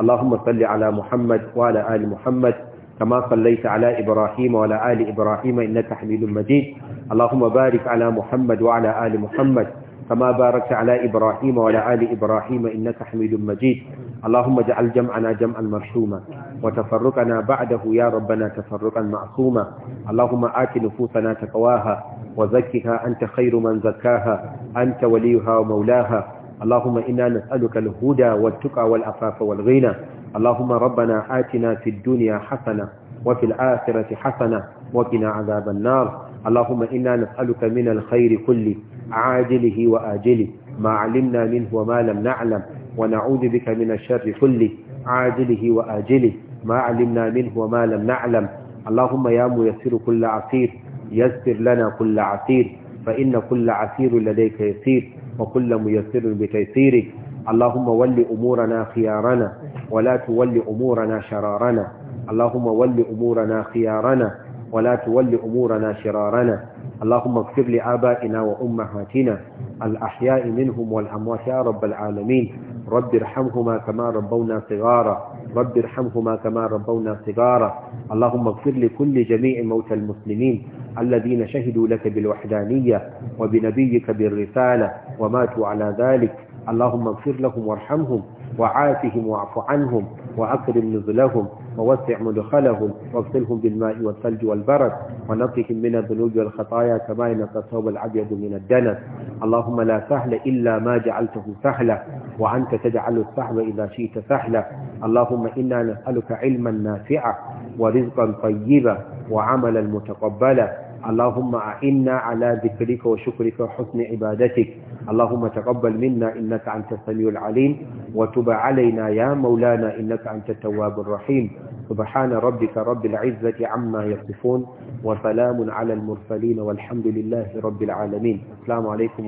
Allahumma salli ala Muhammad wa ala ali Muhammad kama sallaita ala Ibrahim wa ala ali Ibrahim innaka Hamidum Majid Allahumma barik ala Muhammad wa ala ali Muhammad kama barakta ala Ibrahim wa ala ali Ibrahim innaka Hamidum Majid اللهم اجعل na جمعا مرحوما وتفرقنا بعده يا ربنا تفرقا معصوما اللهم آت نفوسنا تقواها وزكها أنت خير من زكاها أنت وليها ومولاها اللهم إنا نسألك الهدى والتقى والعفاف والغنى اللهم ربنا آتنا في الدنيا حسنة وفي الآخرة حسنة وقنا عذاب النار اللهم إنا نسألك من الخير كله عاجله وآجله ما علمنا منه وما لم نعلم ونعوذ بك من الشر كله عاجله وآجله ما علمنا منه وما لم نعلم اللهم يا ميسر كل عسير يسر لنا كل عسير فإن كل عسير لديك يسير وكل ميسر بتيسيرك اللهم ول أمورنا خيارنا ولا تول أمورنا شرارنا اللهم ول أمورنا خيارنا ولا تول أمورنا شرارنا اللهم اغفر لآبائنا وأمهاتنا الأحياء منهم والأموات يا رب العالمين رب ارحمهما كما ربونا صغارا رب ارحمهما كما ربونا صغارا اللهم اغفر لكل جميع موتى المسلمين الذين شهدوا لك بالوحدانية وبنبيك بالرسالة وماتوا على ذلك اللهم اغفر لهم وارحمهم وعافهم واعف عنهم وأكرم نزلهم ووسع مدخلهم واغسلهم بالماء والثلج والبرد ونقهم من الذنوب والخطايا كما ينقى الثوب الأبيض من الدنس اللهم لا سهل إلا ما جعلته سهلا وأنت تجعل السهل إذا شئت سهلا اللهم إنا نسألك علما نافعا ورزقا طيبا وعملا متقبلا اللهم أعنا على ذكرك وشكرك وحسن عبادتك اللهم تقبل منا إنك أنت السميع العليم وتب علينا يا مولانا إنك أنت التواب الرحيم سبحان ربك رب العزة عما يصفون وسلام على المرسلين والحمد لله رب العالمين السلام عليكم